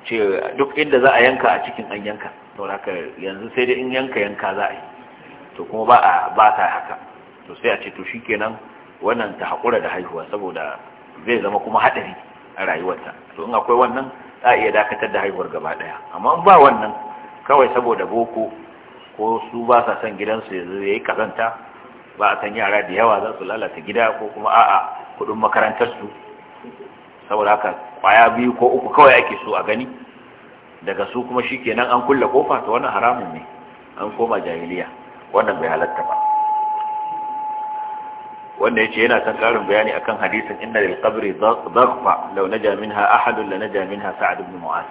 ce duk inda za a yanka a cikin an yanka to haka yanzu sai dai in yanka yanka za a yi to kuma ba a ba ta haka to sai a ce to shikenan wannan ta haƙura da haihuwa saboda zai zama kuma haɗari a rayuwarta to in akwai wannan za a iya dakatar da haihuwar gaba ɗaya amma ba wannan kawai saboda boko ko su ba sa son gidansu yanzu ya yi kazanta ba a san yara da yawa za su lalata gida ko kuma a'a kuɗin makarantarsu saboda haka kwaya biyu ko uku kawai ake so a gani daga su kuma shi shikenan an kulle kofa to wannan haramun ne an koma jahiliya wannan bai halatta ba wanda yace yana son karin bayani akan hadisin inna lil qabri dhaqfa law naja minha ahad la naja minha sa'd ibn mu'az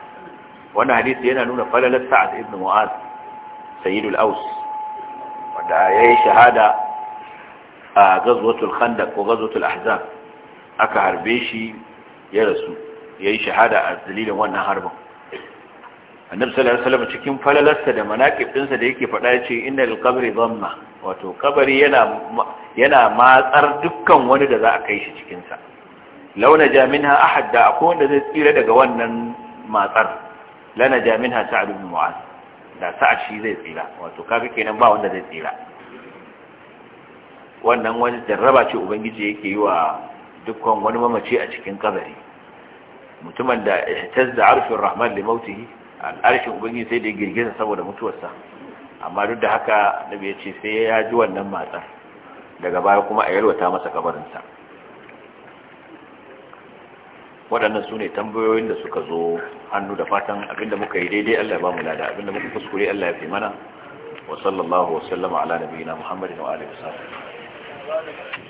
wannan hadisi yana nuna falalar sa'd ibn mu'az sayyidul aws wanda yayi shahada a ghazwatul khandaq ko ghazwatul ahzab aka harbe shi ya rasu yayi shahada a dalilin wannan harbin annabi sallallahu alaihi wasallam cikin falalarsa da manaqibinsa da yake fada yace inna lil qabri dhamma wato kabari yana yana matsar dukkan wani da za a kai shi cikin sa launa jaminha ahad da akwai wanda zai tsira daga wannan matsar lana jaminha sa'ad ibn mu'az da sa'ad shi zai tsira wato kaga kenan ba wanda zai tsira wannan wani jarraba ce ubangiji yake yi wa dukkan wani mamaci a cikin kabari mutumin da ihtazza arshur rahman li mautihi arshin ubangiji sai da girgiza saboda mutuwarsa amma duk da haka nabi ya ce sai ya ji wannan matsar daga baya kuma a yalwata masa kabarinsa waɗannan su ne tambayoyin da suka zo hannu da fatan abinda muka yi daidai Allah ya ba mu lada abinda muka kuskure Allah ya fi mana wa sallallahu wa sallama ala nabiyina Muhammadin wa alihi sallam